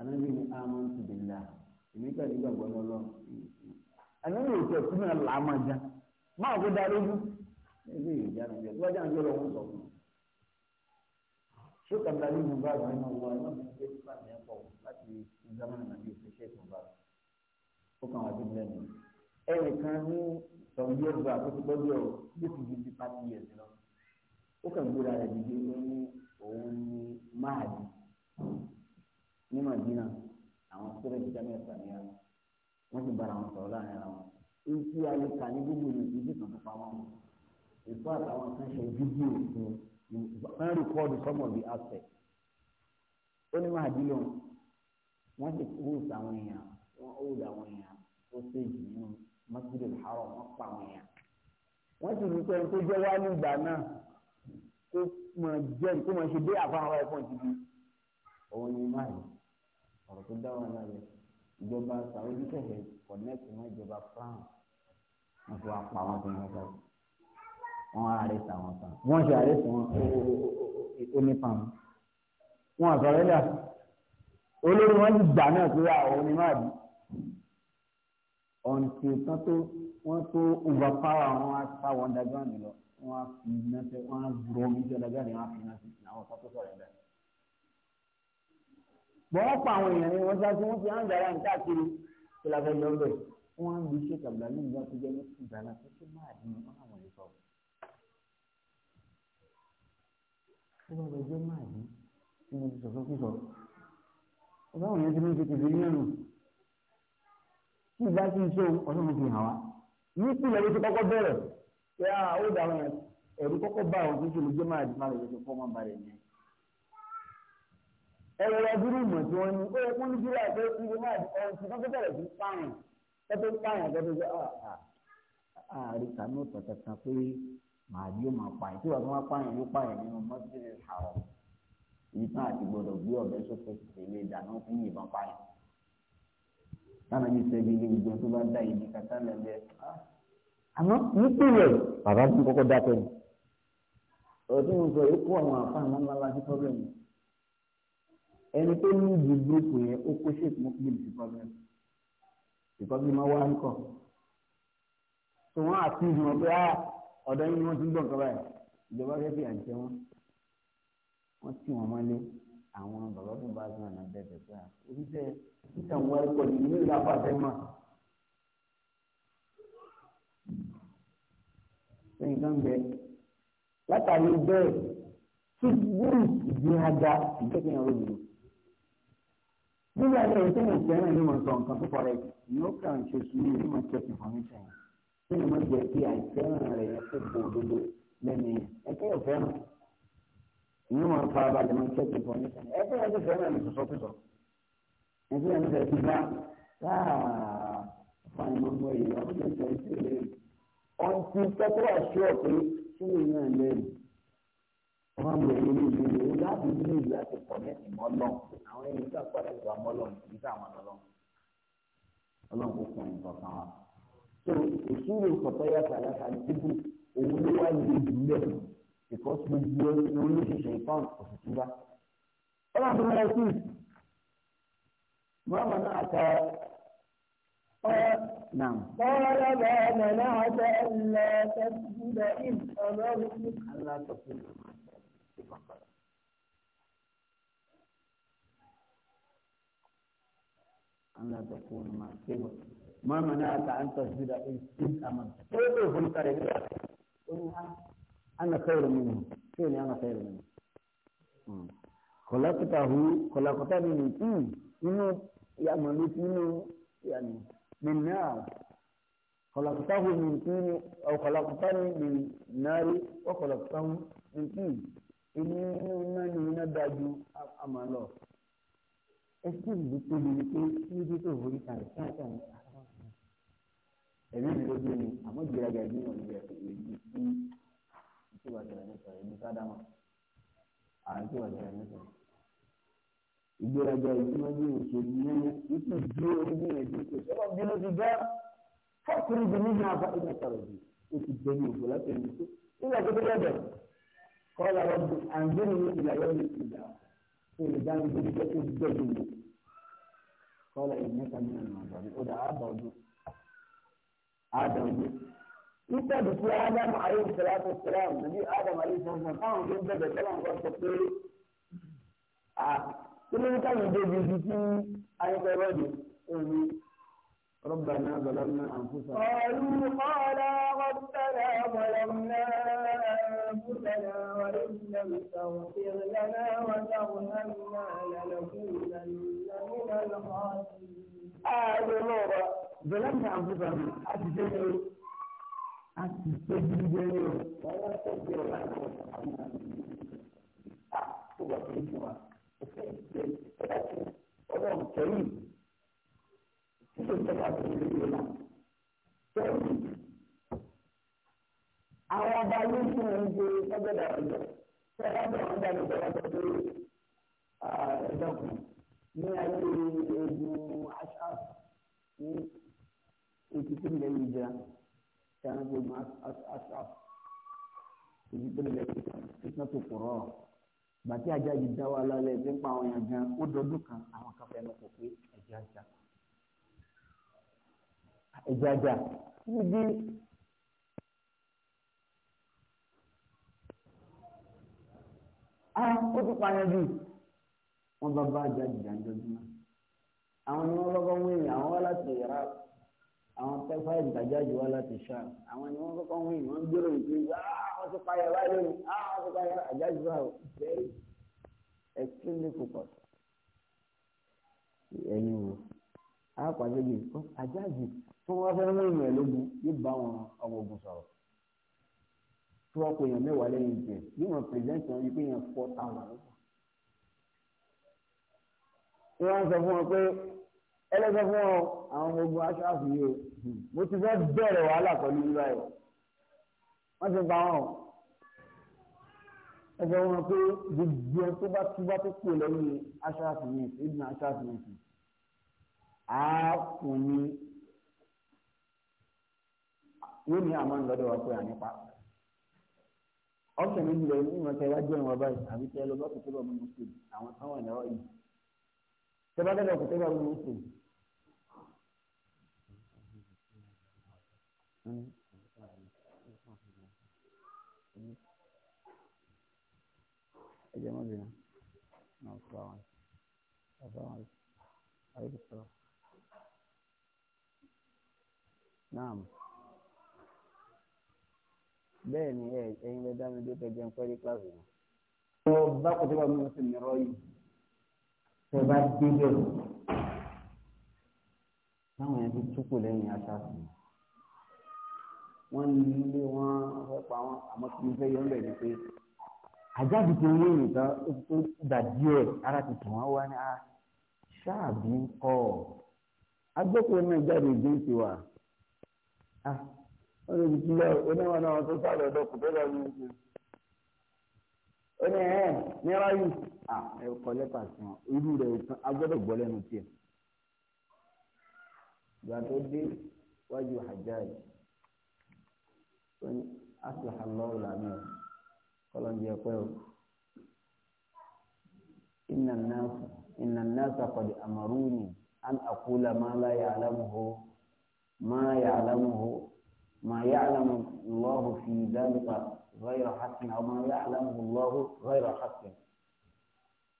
anabi ni amantu billah èmi kà nígbà gbọ́dọ̀ lọ anabi yóò tẹ fún mi làámà já máa kó darí bú ẹgbẹ́ yìí já nàìjíríà tí wọ́n já nàìjíríà wọ́n sọ fún un. ṣé kàdá ní ìgbà wọn ní ọgbà ẹ̀ lọ́mọ ìgbẹ́ tí wọ́n yẹn pọ̀ láti ìzámánà nàbí ìfẹ́ ṣe ìfọ̀nba ó kàn wá sí bẹ́ẹ̀ ni ẹnìkan ní sọ̀rọ̀ yóò gba àkókò gbọ́dọ̀ yóò fi ju ti pàtì yẹn sí lọ ó kàn gbéra rẹ̀ dìde ó ní òun ní máàdì ní madina àwọn sọ̀rọ̀ ìjàmẹ ìsàmìyà wọn ti bára wọn sọ̀rọ̀ láàrin ara wọn ìtì àyíká ní gbogbo ní ìdí kan tó pamọ́ wọn ìfọ àtàwọn kan ṣe fídíò fún wọn rìkọọdù some of the aspects ó ní máa dílọ wọn ti kú àwọn èèyàn wọn ó dà àwọn èèyàn ó séjì nínú masjidil haram wọn pa àwọn èèyàn wọn sì rí pé tó jẹ wá ìgbà náà kó máa jẹ kó máa ṣe dé àfahàn ẹfọn ti di ni máa yìí ọ̀rọ̀ tó dá wàhálà yẹ ìjọba Saudi kẹ̀kẹ́ connect mọ́ ìjọba France wọ́n fi wá pa wọ́n tó wọ́n sáré wọ́n arrest àwọn kan wọ́n ṣe arrest wọn ó ní pam wọ́n àtọ̀rẹ́ dà olórí wọn ti gbà náà pé àwọn onímọ̀ọ́dì ọ̀ǹtì kan tó wọ́n tó overpower wọn á sá wọn dájọ́ àmì lọ wọ́n á fi iná sẹ́ wọ́n á gbúrọ́ omi sí ọ̀dájọ́ àmì wọn á fi iná sí àwọn kan tó sọ̀rọ̀ ẹ̀dá wọ́n pa àwọn èèyàn ní wọ́n sáájú wọ́n fi hàn dára ní káàkiri tó la fẹ́ lọ bẹ̀ wọ́n á lu iṣẹ́ tàbílà ní ìgbà tó jẹ́ ní ìdáná tó ṣe máa dín ní wọ́n àwọn ìsọ. tó bá lọ jẹ́ máa dín tí mo ti sọ̀tọ́ sísọ. ọ̀gá òun yẹn ti ní ṣe kìfì ní ẹ̀rù. tí ìgbà tí ń ṣe ọ̀sán mi fi hàn wá. ní ìpìlẹ̀ ló ti kọ́kọ́ bẹ̀rẹ̀ pé ó dà ẹ̀rù kọ́kọ́ bá àwọn tó ṣe lè jẹ́ máa dín ẹ̀rọ ọdúnrún mọ̀ tí wọ́n ní ó yẹ fún nàìjíríà pé ibi máa di ọ̀hún tí wọ́n tó bẹ̀rẹ̀ sí pààyàn tẹ́tẹ́ pààyàn tẹ́tẹ́ sọ ah, ààrẹ ah, ah, kàánú tọ̀tẹ̀ kan pé màá yóò máa pààyàn tí wọ́n tó máa pààyàn yóò pààyàn nínú mọ́tíríà àwọn ibi tán àti gbọdọ̀ gbé ọ̀bẹ sókè tẹ̀lé ìdáná fún ìbọn pààyàn. táwọn yìí sẹ́bi ilé gbogbo tó bá dá ibi kàtà lẹ́lẹ́ àmọ́ nípìnlẹ̀ bàbá ẹni tó ní ìdí gúrúùpù yẹn ó kó ṣèkì mú bíi ti problem ìkọ́bí máa wá nǹkan tó wọ́n àti ìgbìmọ̀ pé á ah, ọ̀dọ́ yín ni wọ́n ti ń gbọ̀ nǹkan báyìí ìjọba fẹ́ fi àjẹ wọn wọ́n tì wọ́n mọ́lé àwọn bàbá ah, fún bá sùn àná bẹ̀rẹ̀ pé oríṣẹ́ títà wọn ẹ̀kọ́ ní ìlú ìlàpá àtẹ́mà sẹ́yìn kan bẹ látàrí bẹ́ẹ̀ tí gúrùpù ìdí aga ìjọba yẹn rògbòdò nígbà tí ẹni tí mo jẹ́ náà ni mo sọ nǹkan tó kọ̀rẹ́ ní ó kàn ṣe sùúrù ní mo jẹ́ information tí mo máa jẹ́ kí àìfẹ́ràn rẹ̀ yẹn kó kó òdodo lẹ́nu yẹn ẹgbẹ́ ò fẹ́ràn ní mo fara balẹ̀ mo jẹ́ information ẹgbẹ́ yẹn tó fẹ́ràn mi sọ̀sọ́ pẹ̀sọ̀ ẹgbẹ́ yẹn tó fẹ́ ti bá káà fún àwọn wọ́n wọ ilé ìdílé láti ní ìlú àti kọ̀mẹ́tì mọ́lọ́ àwọn ẹni tí wọ́n padà ìwà mọ́lọ́ níbi táwọn ọlọ́run ọlọ́run kò kàn ìtọ̀ kan wa. so ìṣúlẹ̀ ìkọ̀tọ́ yàtọ̀ yàtọ̀ dídú òun ló wá ní ìdílé because gbogbo olóṣèṣe ìfọ̀n òṣìṣẹ́ wa. ọlọ́run tó lọ sí mọ́mọ́ náà kọ́ نعم قال ما kan padà. Allah ta kó ní máa ké bọ̀. Máa mọ̀ náà ta an tọ́sí da in sí àmà. Ṣé o lè fún kárẹ̀ nígbà tó? Ó ní an na kẹ́rù mi nù. Ṣé o ní an na kẹ́rù mi nù? Kọ̀lákùtà hu kọ̀lákùtà mi nù. Inú ìyàmọ̀ ló ti inú ìyàmọ̀ mi náà. خلقته من طين أو خلقتني من نار وخلقته من طين inú iná ni iná dájú àmà lọ ẹsẹ ìlú tóbi ni pé níbi tó forí kalẹ̀ káàkiri ní ẹ̀mí mi lójú ni àmọ́ ìgbéraga ẹ̀mí wọn níbi ẹ̀sìn èyí tí tí wàá tẹ̀lé nípa ẹ̀mí sádámà àwọn tí wàá tẹ̀lé nípa ìgbéraga ẹ̀mí wọn ní òṣèlú ní ipò bí orí ẹ̀dí kò sọ́kàn bí ló ti gbá fọ́ọ̀kì níbi nígbà bá ẹ̀mí sọ̀rọ̀ jù ó ti jẹ́ ní òfò láti ẹ̀mí tó nígbà tó tó kọ́lá rọ́bì àǹgbẹ́ni ìlà yọ̀ọ́lì ìlà olùdáhùn tó jẹ́ tó gbẹ̀dùn mi kọ́lá ìmẹ́ta ní ọ̀nà ọ̀dọ́ni ó dà ábọ̀dún ábọ̀dún. Nípa ìdìbò Ádámù ayé ìṣẹ̀lá tó ṣẹlá nàbí Ádámù ayé ìṣẹ̀lá tó táwọn tó ń bẹ̀bẹ̀ tọ́lá ń kọ́ pé à kí ló ń káyọ̀ débi ibi tí ayẹ́kọ̀ rọ́ọ̀dù òní ربنا ظلمنا أنفسنا قالوا قالا ربنا ظلمنا أنفسنا وإن لم تغفر لنا وترحمنا لنكونن من الخاسرين. آه ظلمنا أنفسنا أتجنوا أتجنوا ولا تغفر لنا وترحمنا. آه àwọn ọba ló ń fún un ṣe lọ́gbẹ̀dà ọ̀dọ̀ ṣé bá bẹ̀rẹ̀ wọn dàbí ìjọba tó tó ẹ̀dọ́kùn ní ayé ogun aṣáà ní ètùtù ilẹ̀ ìjìra tí a ń gbogbo aṣáà ètùtù ilẹ̀ ìjìra fífún tó kúrọ̀ bàtí ajá yìí dá wa lálẹ́ ẹgbẹ́ ń pa àwọn èèyàn gan ó dọdún kan àwọn kan fẹ́ẹ́ lọ́kọ̀ pé ẹ̀jẹ̀ ajá ẹ̀jẹ̀ ajá níbi. ah ó ti pààyàn jù wọn bá bá jáde dáńdọ́júmọ́ àwọn ni wọn kọ́kọ́ wí ní àwọn wá láti yàrá àwọn pẹ́pẹ́ ìdájáde wá láti ṣá àwọn ni wọn kọ́kọ́ wí wọn gbèrò ìpè ah wọn ti pààyàn wá lónìí ah wọn ti pààyàn àjájú wà ó bẹ́ẹ̀ extremely focused ẹ̀yin o àpàdé yìí àjájú tí wọn fẹ́ mú ìrìn ẹ̀ lógun yóò bá wọn ọmọ ogun sọ̀rọ̀ tí wọ́n kó èèyàn mẹ́wàá lẹ́yìn jẹ yóò wọn pèsèǹtì wọn yìí pé èèyàn four thousand. wọ́n wá ń sọ fún wọn pé ẹlẹ́sọ fún wọn àwọn ọmọ ogun aṣááfù yìí o mo ti fẹ́ bẹ̀rẹ̀ wàhálà pẹ̀lú ìlú ayọ̀ wọ́n ti pa wọn o. ẹ sọ wọn pé gbogbo ẹ tó bá túbá tó kù lẹ́yìn aṣááfù yìí ìdùnnú aṣááfù yìí á fún mi yóò ní àmọ́ ńlọ́dọ̀ wa pé à nípa ọ̀sẹ̀ ní ilẹ̀ ní ìwọ̀n tẹ wá jẹ́ ìwọ̀n báyìí àbí tẹ lọ bá kò tẹ́lọ̀ mímú sí àwọn tán wà lọ́wọ́ yìí tẹ bá tẹ́lọ̀ kò tẹ́lọ̀ mímú sí. ẹ jẹ́ mọ́ bí wọn náà fún àwọn àwọn àyè kò sọ̀rọ̀. Naam bẹ́ẹ̀ ni ẹ ẹyin lẹ dá mi dé tẹ jẹun pẹ́ẹ́lí kíláàsì mi. ọ̀rọ̀ bá kò tó wà nínú sí mi rọ́ọ̀yì tẹ bá débẹ̀ táwọn yẹn ti túkù lẹ́yìn aṣáàtì wọ́n lé wọn fẹ́ pa wọn àmọ́ kí n fẹ́ yọ ọ́nbẹ̀ ni pé àjáde tó ń rìn nìkan ó ti tó gbà díẹ̀ ara ti tàn wá ní a ah, ṣáàbí ń kọ́ ọ agbẹ́kọ̀ọ́ náà jáde ìgbésí wa wọ́n lè jù lọ oníwọ̀n náà tó sáré ọ̀dọ́ kò tó lọ ní oṣù. ó ní ẹ̀ ní ráyù ẹ kọ lẹ́tà sí wọn irú rẹ̀ ìtàn agbọ́dọ̀ gbọ́ lẹ́nu tiẹ̀. ìgbà tó dé wájú hajjaj ó ní aṣọ àlọ́ọ̀ làmì kọ́lọ́njẹ pẹ́ o. inna nnaasa inna nnaasa qad amaruni an aqula ma la ya'lamuhu ma ya'lamuhu. ما يعلم الله في ذلك غير حق أو ما يعلمه الله غير حق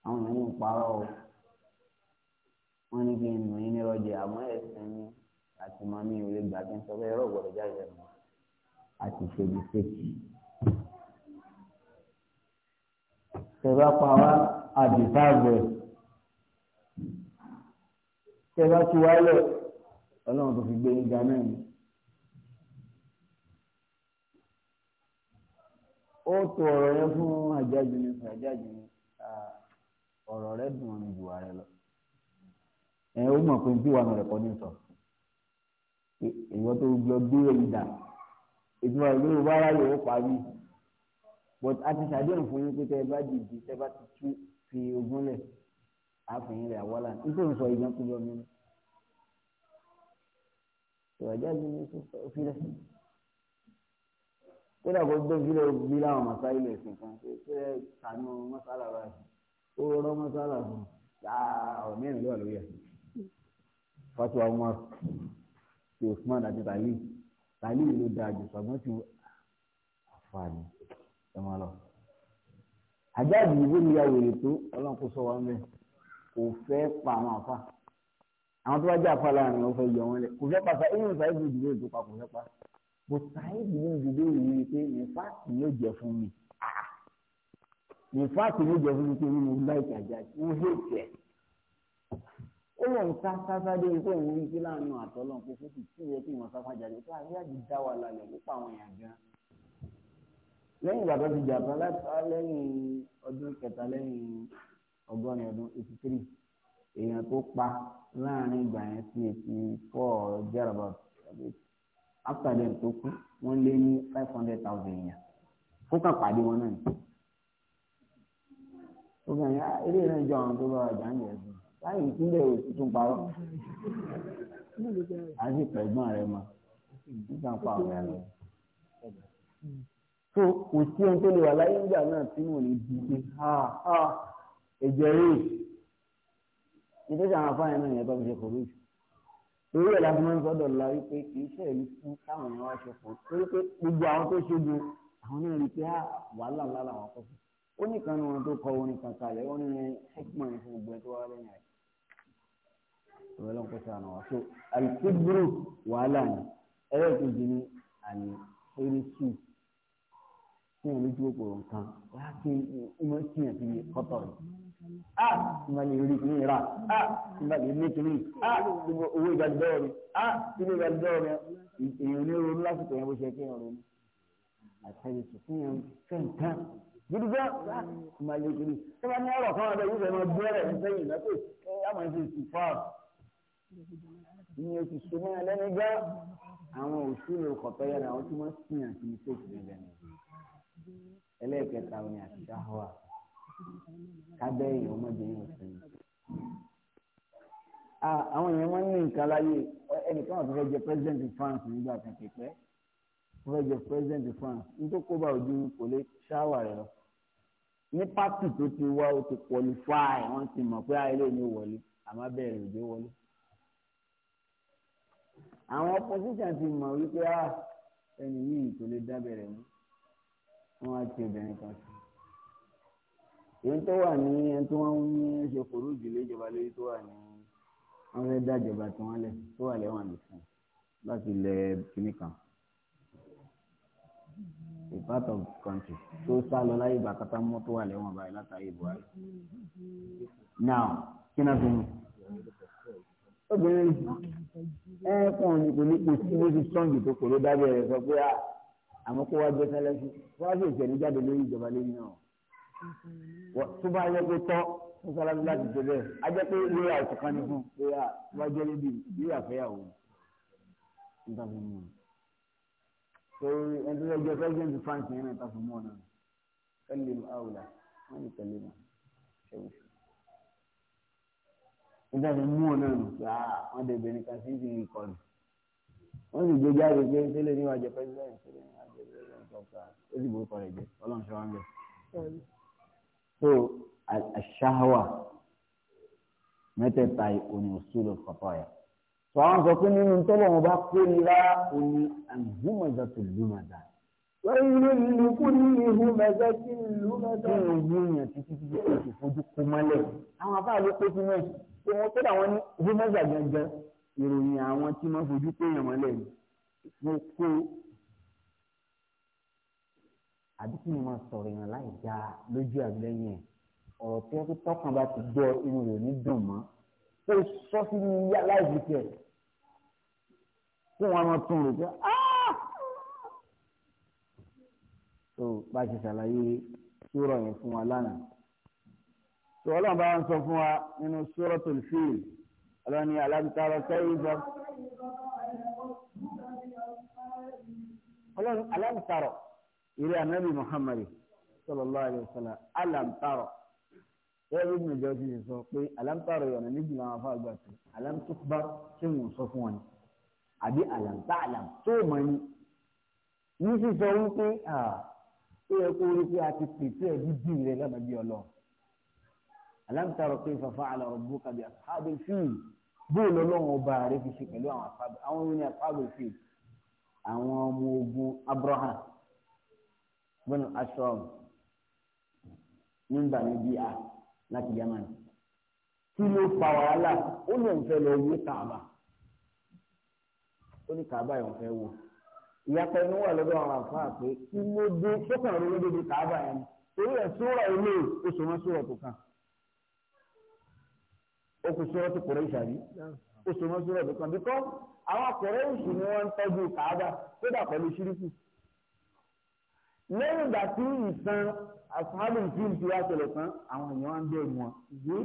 àwọn ẹni ń parọ́ o wọ́n ní kí n mọ̀ ní ọjà àmọ́ ẹ̀sìn ni àti máa ní ìwé gbà kí n sọ bẹ́ẹ̀ rọ̀ gbọ́dọ̀ jáde lẹ́nu àti ṣèlú ṣèkì. tẹ̀bá pa wá àdìsáàbẹ̀ ti wálẹ̀ ọlọ́run tó fi gbé yín ga náà ni. ó tó ọ̀rọ̀ yẹn fún àjájú ni fún àjájú ni ọ̀rọ̀ rẹ dùn ọ́nà ìjùwà rẹ lọ ẹ ó mọ̀ pé bí wàhánà rẹ̀ kọ́ ní sọ èèyàn tó lọ gbé ìdá ìdúrà ìlú ìwà aráyè ó parí but a ti ṣàdéhùn fún yín pé tẹ bá dìde tẹ bá ti tú fi ogún lẹ̀ àfihàn rẹ̀ àwọlà nítorí sọ ìgbà tó yọ mí. ìwà jáde ní sọ fílẹ̀ kódà kó gbé ìdílé gbé láwọn mọ̀sálà ẹ̀sìn kan ṣe ṣe kànú mọ́sálà báyìí ó rọ́ mọ́sálà fún ọ̀rọ̀ mẹ́rin ló wà lórí ẹ̀. fatuwa umar ti usman àti tali tali ló da àjò ṣùgbọ́n ti àfààní ẹ máa lọ. àjáde ìwé ni yàwó ètò ọlọ́run kò sọ wọn bẹ́ẹ̀ kò fẹ́ pa àwọn àfa àwọn tó bá jẹ́ àfa láàrin wọn fẹ́ yọ wọn lẹ kò fẹ́ pa sa ìyẹn ìfà ìbùdó ìdókòwò kò fẹ́ pa but saheed ní ìdílé ìwé pé ìfáàtì ló jẹ fún mi ìfáàtì ló jẹ fún mi pé mo láìka àjà tí mo hé tẹ ó lọ ń sá sásádé ikú òun rí sí láàánú àtọ́lọ́ pé fún ti tí ìyẹn kí wọ́n sáfà jáde tó àríyá ti dá wa lálẹ́ nípa àwọn èèyàn gan lẹ́yìn ìgbà tó ti jà tán látà lẹ́yìn ọdún kẹta lẹ́yìn ọgọ́rin ọdún eighty three èèyàn tó pa láàrin ìgbà yẹn sí eighty four jẹ́rọ̀bà after dem tó kú wọ́n lé ní five hundred thousand yẹn fúkà pàdé wọn náà ni. ó gbà yẹn eré náà jọ àwọn tó bá wà jà ń yẹ ẹ̀sìn láì ìpínlẹ̀ òsì tún parọ́ àti pẹ̀gbọ́n rẹ̀ mọ́ nígbà pa ọ̀rẹ́ rẹ̀. so kò sí ohun tó lè wà láyé nígbà náà tí mò ń di pé ẹ̀jẹ̀ rèé ìdíje àwọn afáàyàn náà yẹn tó fi ṣe kò lóṣù torí ẹ̀ láti máa ń sọ́dọ̀ la wípé kì í ṣẹ̀rí fún káwọn èèyàn wá ṣe pọ̀ torí pé gbogbo àwọn tó ṣojú àwọn náà rí i pé ah, wàhálà ńlá làwọn kọ́ fún ó nìkan ní wọn tó kọ orin kankan rẹ̀ orin hekman fún gbogbo ẹ̀ tó wá lẹ́yìn rẹ̀ ìwé ló ń kó sànù wá so alikiburu wàhálà ni ẹlẹ́ẹ̀kejì ni àní eréṣù fún ẹ̀ lójú òpòrò nǹkan láti ìmọ̀ sí ẹ̀ fi kọ́tọ̀ rẹ̀ a ah. tí ma lè rí kí ah. ní ra a ni. ma lè ní kiri a tí owó ìgbàlódọ́wọ́ mi ah. a tí owó ìgbàlódọ́wọ́ mi èèyàn ní ronú lásìkò yẹn bó ṣe kí èèyàn ronú àtẹ̀yẹ sùkún yẹn fẹ́ nǹkan gidi gan a tí ma lè kiri tí wọ́n ní ọ̀rọ̀ kan wọn bẹ́ẹ̀ yóò fẹ́ máa gbé ọ̀rẹ́ ní sẹ́yìn lọ́pẹ́ àmọ́ ẹ̀ ti sì fà á ní oṣù sọmọ ẹlẹ́ni gbá àwọn òṣèlú kọ̀tọ́ àwọn tí wọ́n sìn àti mistake rẹ̀ lẹ́nu ẹlẹ́ẹ̀kẹta àti dáhùwà kábẹ́ èèyàn ọmọdé yẹn ọ̀sẹ̀ yìí. àwọn èèyàn wọn ní nǹkan láyé ẹnìkan wọn tó fẹ́ jẹ president France nígbà kan pípẹ́ tó fẹ́ jẹ president France nítorí kó bá ojú kò lè ṣáwà rẹ lọ ní pátì tó ti wá ó ti qualify wọn ti mọ̀ pé ayé lè ní wọlé àmọ́ bẹ́ẹ̀ lòdì wọlé àwọn opposition ti mọ̀ wípé ah, ẹni yìí kò lè dábẹ̀rẹ̀ mú wọn á ti obìnrin kan sí èyí tó wà ní ẹni tí wọ́n ń ṣe kòrú ìjìnlẹ̀ ìjọba lórí tó wà ní wọ́n fẹ́ dá ìjọba tí wọ́n lẹ̀ tó wà lẹ́wọ̀n nìkan láti ilẹ̀ kìnnì kan a part of country tó sá lọ láyé ìgbà kátà mọ́ tó wà lẹ́wọ̀n báyìí látàrí Buhari. now kí náà fi mú obìnrin ẹ̀ẹ́kùn ni kò ní kò sí bó ti sọ́ǹgì tó kò ló dábẹ́ rẹ̀ sọ pé ah, àmọ́ kó wá gbé sẹ́lẹ̀ sí wọ́n á sì jáde lórí ìjọba lórí náà tó bá yẹ kó tọ́ mọ́sálásí láti jẹ bẹ́ẹ̀ a jẹ́ pé lóyà òtúkan ní fún lóyà wájú ẹlẹ́bí lóyà fẹ́yàwó níta fún mi. so ẹni tó yẹ jẹ president france yẹn náà ta fún mọ́ náà kẹ́lẹ́ mu àwùlà wọ́n ní kẹ́lẹ́ mu ṣẹ́wọ́. níta fún mọ́ náà nù pé wọ́n dẹ̀ bẹ̀rẹ̀ ká sí ti kọ́ni. wọ́n sì gbé jáde pé tẹ́lẹ̀ níwájú president tẹ́lẹ̀ níwájú president ọ̀ka ó sì gbé kọ́ni so àṣàwà mẹ́tẹ̀ẹ̀ta òní òṣùlù kọ̀tọ̀yà tó àwọn sọ pé nínú tọ́lọ̀ wọn bá kó la òní àhùmọ̀zà tó lùmọ̀zà wọ́n yóò lù kú ní ìhùmọ̀zà tí lùmọ̀zà. kí ni yóò yàn títí títí tó ti fojú kú mọ́lẹ̀ àwọn afáà ló kó sínú ẹ̀ pé tó dàwọn ní ìhùmọ̀zà gangan ìròyìn àwọn tí wọ́n fojú pé yàn mọ́lẹ̀ ni mo kó àbí kí ni máa sọ̀rọ̀ èèyàn láì dáa lójú àgbẹ̀yìn ẹ̀ ọ̀rọ̀ tí wọ́n fi tọ́kàn bá ti gbọ́ inú rẹ̀ ní dùn mọ́ ó sọ sí ní yá láì fi tiẹ̀ kí wọ́n máa tún rò pé tó ah! bá ṣe ṣàlàyé sùúrọ̀ yẹn fún wa lánàá tó ọlọ́run bá ń sọ fún wa nínú Suratul Fil ọlọ́ni alábìtárọ̀ kẹ́yìn bọ́ ọlọ́run alábìtárọ̀ eré anabi muhammad sallallahu alayhi wa sallam alamtaro ẹbí mi jọ ti sọ pé alamtaro yọ̀nà méjì máa fa àgbà tó alamtukbar ṣé wọn sọ fún wọn ni àbí alamtalam tó mọ ni ní sísọ wípé ó yẹ kó rí pé a ti pèsè ẹbí bí rẹ lọ́mọdé ọlọ́run alamtaro pé fàfà àlọ́rọ̀ bó kàbí àfáàbẹ̀ fíìmù bóòlù ọlọ́run ọba rẹ fi ṣe pẹ̀lú àwọn àfáàbẹ̀ àwọn yóò ní àfáàbẹ̀ fíìmù àwọn ọmọ ogun abraham bin ashram ní bani bíà láti germany kí ló fa wàhálà ó lè ń fẹ́ lọ wí kàbà ó ní kàbà yẹn ń fẹ́ wò ìyàtọ̀ inú wà lọ́dọ̀ àwọn àfáà pé kí ló dé sọ́kàn ló ló débi kàbà yẹn torí ẹ̀ sóra ilé oṣù wọn sóra tó kàn ó kò sóra tó kọ̀rọ̀ ìṣàbí oṣù wọn sóra tó kàn bíkọ́ àwọn kọ̀rọ̀ ìṣù ni wọ́n ń tọ́jú kàbà kódà pẹ̀lú ṣíríkù lẹ́yìn ìgbà tí ìtàn àfáàlù fíìmù ti wá ṣẹlẹ̀ tán àwọn èèyàn á ń bẹ̀rù wọn ìdí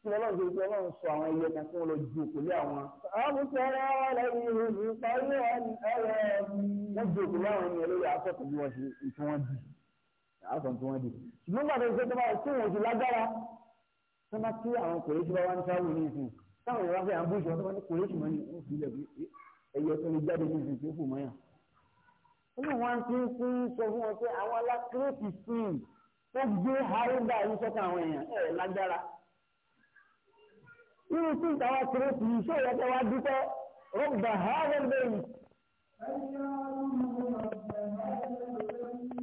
tí ọlọ́run ṣe ṣe ọlọ́run sọ àwọn ẹyẹ kan tí wọ́n lọ ju òkú lé àwọn. àbùsọ̀rọ̀ ọlọ́run ìhòòhò ìparí ọ̀rẹ́ wọ́n ju òkú lé àwọn ènìyàn lórí asọ́kùn bí wọ́n ṣe tí wọ́n di asọ́kùn tí wọ́n di. ṣùgbọ́n bàtà ìṣe tó bá tí wọ́n ti lágbára tó bá tí àwọn kòrèṣì bá wá ń sáwò ní ìsìn táwọn ìwáfẹ́ àbúṣe wọn tó bá ní kòrèṣì mọ́ ní ìsìn ilẹ̀ ẹ̀yẹ tó lè jáde ní ìsìn tó fò mọ́yàn nínú wọn ti ń fún sọ fún wọn pé àwọn alákírètì sùn ó gbé haríba yìí sọ́kàn àwọn èèyàn ẹ̀ lágbára. irú sí ìtawà kírètì yìí ṣé ìyàtọ̀ wa dúpẹ́ rọ́bà hàrẹ́ lẹ́yìn.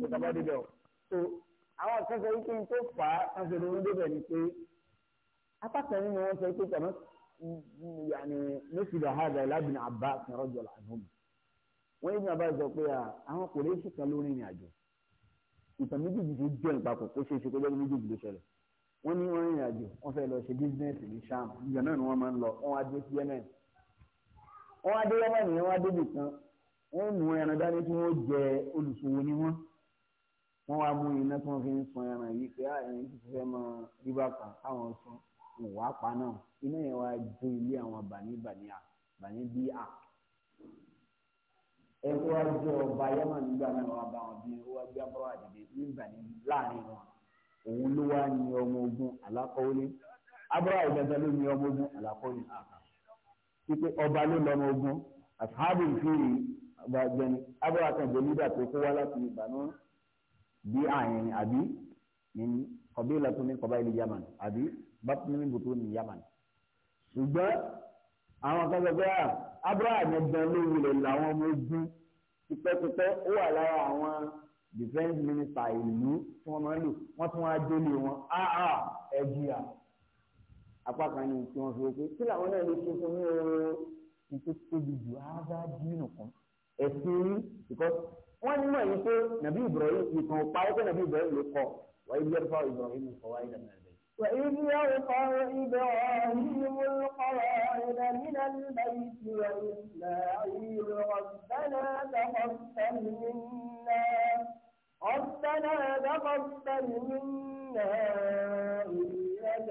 ìjọba dídọ̀ so àwọn akẹ́kọ̀ọ́ yìí kí n tó fà á kan ṣe lórí débẹ̀ ni pé apákan nínú wọn sọ pé tọ̀nà yàní mẹ́sìlẹ̀ hàdà ìlàbìnrin àbá àti rọ́jò làánú wọ́n yéé ní abáyé sọ pé àwọn kò lè ṣèkà lórí ìrìn àjò ìtàn méjèèjì ti jẹ́ ìpapọ̀ kó ṣeé ṣe kó jẹ́ méjèèjì ló ṣẹlẹ̀ wọ́n ní wọ́n rìnrìn àjò wọ́n fẹ́ lọ ṣe bísínẹ́sì ní sham ìgbà náà ni wọ́n máa ń lọ wọ́n wá dé sí yemen wọ́n wá dé yemen yẹn wá débì kan wọ́n mú ẹran dání tí wọ́n jẹ olùṣòwò ní wọ́n wọ́n wá mú iná tí wọ́n fi ń sun ẹran yìí pé àyàn yìí ti fẹ́ mọ rírà kan káwọn sun ìwà pa náà iná yẹn wá jó ilé àwọn bàní bàní bí à ẹkọ ajọ ọba yẹmọ nígbà náà wà bá wọn bí wọn gbé abọ́ àdìdè nígbà láàrin wọn òun ló wá ní ọmọ ogun alákọ̀ọ́lé abọ́ àdìdè ló ní ọmọ ogun alákọ̀ọ́lé àkà wípé ọba ló lọ́mọ ogun àtàbí ìfìrí ọba gbẹni abọ́ àkànjọ nígbà tó kó wá láti ìbànú bí àyìn àbí ní kọ̀bí ìlàtún ní kọ̀bá ìlú yamani àbí bá tún ní bùtú ní yamani ṣùgbọ́n àwọn akẹ́kọ̀ọ́ abraham gan ló wulẹ̀ làwọn ọmọ ogun tipẹ́tipẹ́ ó wà lára àwọn defence minister ìlú tí wọ́n máa ń lò wọ́n tún wá délé wọn áá ah, ah, ẹ̀jìyà apá kan ní tí wọ́n fi wọ́n pé kí làwọn náà lè ṣe fún mi o ètò tóbi jù áá dínú kan ẹ̀sìn rí because wọ́n ní mọ̀ yìí pé nàbí ibrahim ìtàn ọ̀pá ẹ̀kọ́ nàbí ibrahim ló kọ́ wáyé bí ẹ̀fọ́ ibrahim kọ́ wáyé dàgbà وإذ يرفع إبراهيم القواعد من البيت وإسماعيل ربنا تقبل منا ربنا تقبل منا إنك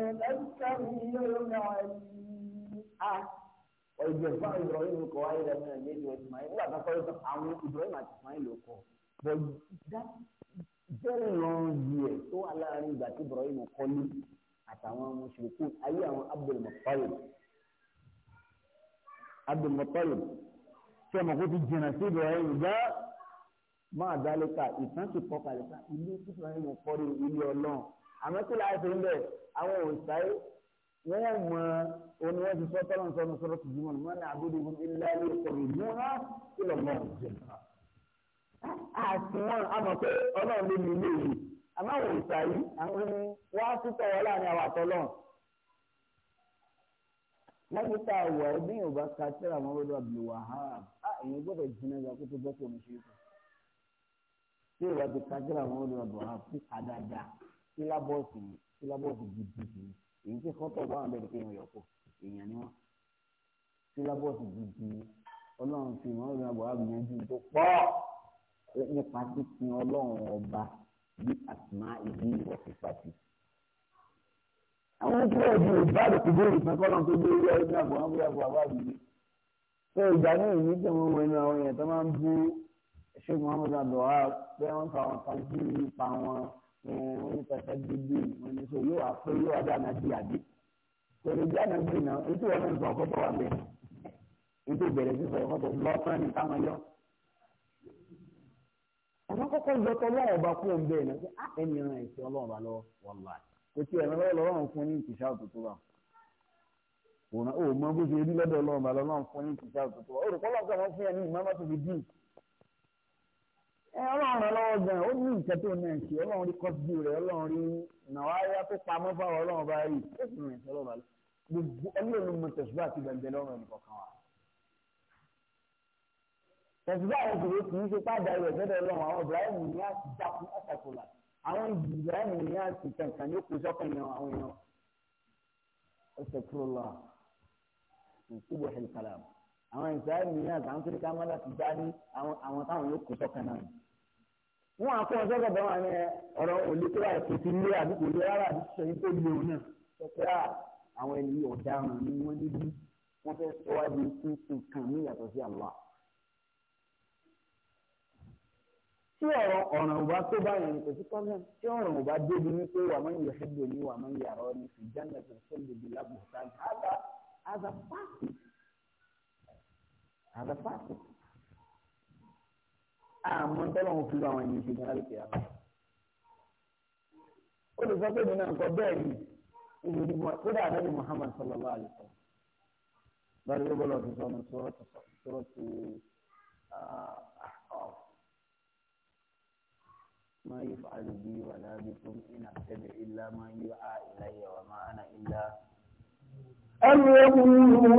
أنت السميع العليم وإذ يرفع إبراهيم القواعد من البيت وإسماعيل لا تقبل àwọn إبراهيم àti إسماعيل but that very long year tó wà láàrin ìgbà tí Ibrahim kọ́lé àtàwọn mùsùlùkù ayé àwọn Abdul Muttalib Abdul Muttalib tí a mọ̀ kó ti jìnnà sí Ibrahim gbá máa dálẹ́ka ìtàn ti kọ́ kalẹ̀ ká ilé tí Ibrahim kọ́lé ilé ọlọ́run àmọ́ kí láti ń bẹ̀ àwọn òṣìṣẹ́ wọ́n mọ oní wọ́n ti sọ́tọ́ lọ́nà sọ́nà sọ́nà tìjúmọ́ ní wọ́n ìlú ilé ayé ìkọ̀rọ̀ ìlú wọn kí lọ́mọ́ ọ̀hún náà. àtiwọn àmọ́ pé Ọlọ́run ló ilé yìí àmọ́ àwọn òòṣà yìí àwọn wọn láàrin àwọn àtọlọ́run lẹ́yìn tá a wọ̀ ọ́ bí yorùbá ka tẹ́lẹ̀ àwọn ọlọ́dọ̀ Abdul Wahab á èyàn gbọ́dọ̀ jìnnà ka tẹ́lẹ̀ àwọn ọlọ́dọ̀ àdáadáa sílábọ̀ọ̀sì Ọlọ́run nípa sísìn ọlọ́run ọba bí àtìmá ìdí ìwọ̀ sípàtì. àwọn ojú ọdún ìbáàdì kò dé ìfẹ́ kọ́lọ́n tó dé ilé ọdún àbọ̀ wọn bóyá bọ̀ yìí. pé ìgbà náà ìní tẹ̀ wọ́n wọ inú àwọn èèyàn tó máa ń bú ṣé muhammed abdulha pé wọ́n fa àwọn kan sí nípa wọn wọ́n ní pẹ̀sẹ̀ gbígbé wọn ní sọ yóò wá yóò wá dáná sí àbí. kò lè jáde ètò ọ̀nà àwọn kọ́kọ́ yọtọ̀ lọ́wọ́ ọba kú ọ̀n bẹ́ẹ̀ náà ah, ẹni ran ẹ̀sìn ọlọ́run ọba lọ́wọ́ wọ́lá kò tí ẹ̀rọ lọ́wọ́ lọ́wọ́ fún ní ìtìṣà òtútù wa ò mọ bó ṣe rí lọ́dọ̀ ọlọ́run ọba lọ́wọ́ fún ní ìtìṣà òtútù wa olùkọ́ lọ́kọ̀ wọn fún ẹni ìmọ̀ tó fi dín ẹ ọlọ́run lọ́wọ́ gan ó ní ìtẹ́ tó náà ṣe ọlọ́run rí kọ́sìdì rẹ̀ ọlọ́run rí nàwáyá tó pamọ́ fáwọn ọlọ́run bá rí ó sì rìn sí ọlọ́run ọba tẹ̀síbá àwọn obìnrin kì í ṣe pàdé rẹ̀ sọ́dọ̀ ọlọ́run àwọn ibrahim ní àtijọ́ fún ọ̀sàkùnlà àwọn ibrahim ní àtijọ́ nǹkan ní kò sọ́kàn ní àwọn èèyàn ọ̀sẹ̀kùnlá ìṣubú ẹ̀ṣẹ̀kàlà àwọn ibrahim ní àtàwọn tó ní ká má láti dá ní àwọn táwọn yóò kò sọ́kàn náà. wọn àkọ́ ọ̀sẹ̀ gbọ̀dọ̀ wọn ni ọ̀rọ̀ olùkọ́ àti ti lé àdúgbò lé rárá àdúgbò sọ tí ọ̀rọ̀ ọ̀ràn ò bá tó báyẹn kò sí pọ́nlẹ́m tí ọ̀ràn ò bá débi ní pé wà máa ń yọ ẹgbẹ́ ní wà máa ń yàrá ọ ní fi jáde tó ṣe lè di lábùsà àgbà àgbà pàṣẹ àgbà pàṣẹ. àmọ́ tọ́lọ́hún fi àwọn ènìyàn ṣe gbára lókè àwọn. ó lè sọ pé mi náà nǹkan bẹ́ẹ̀ ni ìlú ìdìbò kódà àdáni Muhammad sallallahu alaihi wasallam bá a lè gbọ́dọ̀ fi sọ ọmọ sọ́rọ́ ما يفعل بي ولا بكم إن أتبع إلا ما يعى إلي وما أنا إلا أم نعم. يقولون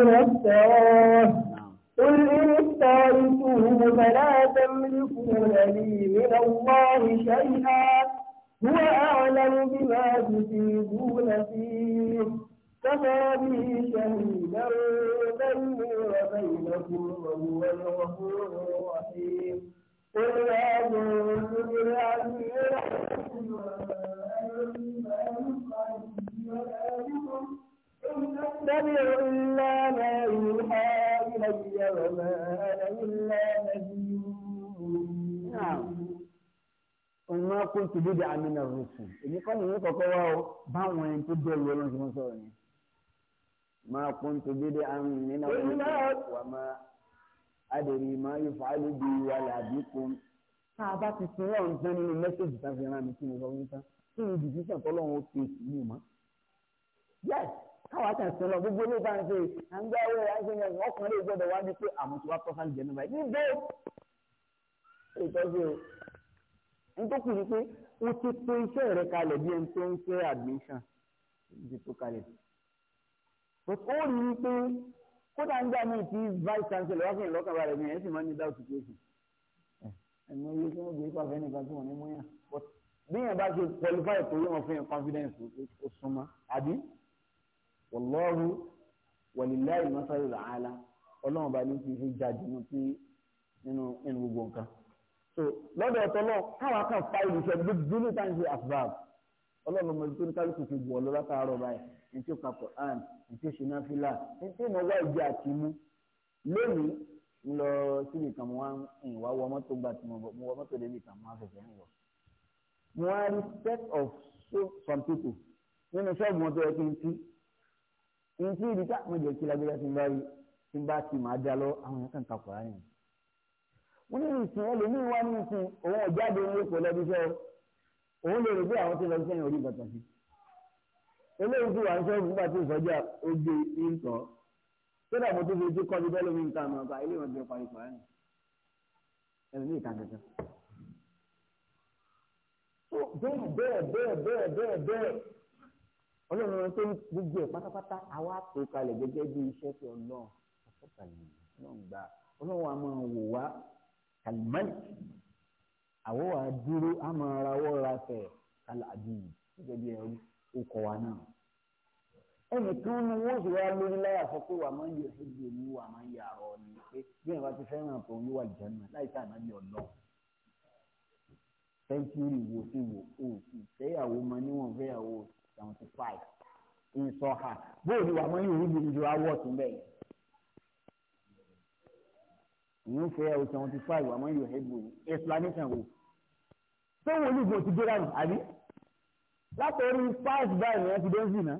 قل إن افتريته فلا تملكون لي من الله شيئا هو أعلم بما تفيدون فيه كفى به شهيدا بيني وبينكم وهو الغفور الرحيم اتبعوا إلا ما يوحى إلي وما أنا إلا نذير Ọmọ kún ti dídì àmìnà rùsùn. Èyí kọ́ nìyí kọ̀kọ́ wá o, báwọn ẹni tó bẹ̀rù ọlọ́run ṣe mọ́ sọ̀rọ̀ ni. Máa kún ti dídì àmìnà rùsùn. Wà máa adèrè máa yóò fà á lóbi ìwà làbí kun tá a bá ti sin lọ́run tán nínú mẹ́sẹ̀gì tá a fi rán mi kí ni lọ wí tán kí ni dìbísàn tọ́lọ́run ó fi èsì yìí mọ́. yes káwa kan sin lọ gbogbo ló bá ń ṣe à ń gbáwé àgbẹ̀yẹ ọkùnrin lè gbọ́dọ̀ wá ní pé àmọ́ tí wàá tọ́ sáà jẹ́ níbàyí níbo ìtọ́jú o n tó kù ni pé o ti to iṣẹ́ rẹ kalẹ̀ bí ẹni tó ń fẹ́ admission ó rí i pé kódà ń gbà míì tí vice chancellor wá fún ìlọ́kànlá rẹ̀ yẹn sì máa ń ní dáwọ́ situation ẹ̀mí oyè tí wọ́n gbé ipa fẹ́ nìkan tí wọ́n ní múyàn but bíyàn bá ṣe qualify tó yẹ wọn fún yẹn confidence ó súnmọ́ àbí wọlọ́ọ̀rù wọ̀lìláì mọ́sálù làálà ọlọ́run bá ní fi fi jáde nínú tí nínú nínú gbogbo nǹkan so lọ́dọ̀ ọ̀tọ̀ náà káwọn kan fa ìlú ṣe gbogbo ní tàǹsì àfúrà ọlọ́run mọ̀ ẹni tí ó ka Quran ẹni tí ó ṣe náfìlà ẹni tí ìnáwó ẹ̀jẹ̀ àti mú lónìí ń lọ síbi kan mo wá ń wá wọ mọ́tò gba tí mo wọ mọ́tò débi kan mo wá fẹsẹ̀ ń wọ̀. mo wá rí set of some people nínú ṣọ́ọ̀bù wọn tó yẹ kí n tí n tí ibi tá mo jẹ́ kí lágbèjà tí n bá rí tí n bá ti máa dá lọ àwọn yẹn kàn ká Quran yẹn. mo ní ìsìn ẹlòmíín wá ní ìsìn òun ọ̀jáde ń lè pọ̀ lọ́bíṣẹ́ òun lè rò pé àwọn tó lọ sí orí bàtà sí i eléyìí tí wà ń sọ́ọ̀bù nígbà tí ìsọjà oge ìǹkọ́ sódà mo tún fi ojú kọ́ bíbẹ́ lómi nǹkan àmọ́ ọba ilé ìrọ̀jẹ̀ parí kùránì ẹ̀rù ní ìta gẹ̀gẹ̀. bẹ́ẹ̀ bẹ́ẹ̀ bẹ́ẹ̀ bẹ́ẹ̀ bẹ́ẹ̀ bẹ́ẹ̀ ọlọ́run wọn tó ń gbogbo ẹ̀ pátápátá àwa tó kalẹ̀ gẹ́gẹ́ bí iṣẹ́ tí ọlọ́run ọlọ́run gbà ọlọ́run wa máa wò wá kalimani àwọ̀ wa dúró àmọ́ ara wọ́ra fẹ̀ kálá gẹ́gẹ́ bí ẹ̀rú ó wa náà ẹnìkan ni wọ́n sì wá lórí láyà sọ pé wà máa ń yẹ ṣẹ́jú èmi wà máa ń yà àrọ̀ ni pé bí ẹ̀rọ ti fẹ́ràn tó ń wà jẹ́nu láì sáà náà yọ lọ. sẹ́ńtúrì wo sí wo o sì fẹ́yàwó mọ níwọ̀n fẹ́yàwó seventy five ń sọ ha bóyá ni wà máa ń yọ orí ju awọ́ tún bẹ́ẹ̀. ìyún fẹ́yàwó seventy five wà máa ń yọ ẹ̀gbọ́n yìí explanation wo. sọ́wọ́n olùgbò ti gbéra nù àbí látọ̀rí five báyìí ni wọ́n ti dé ń náà.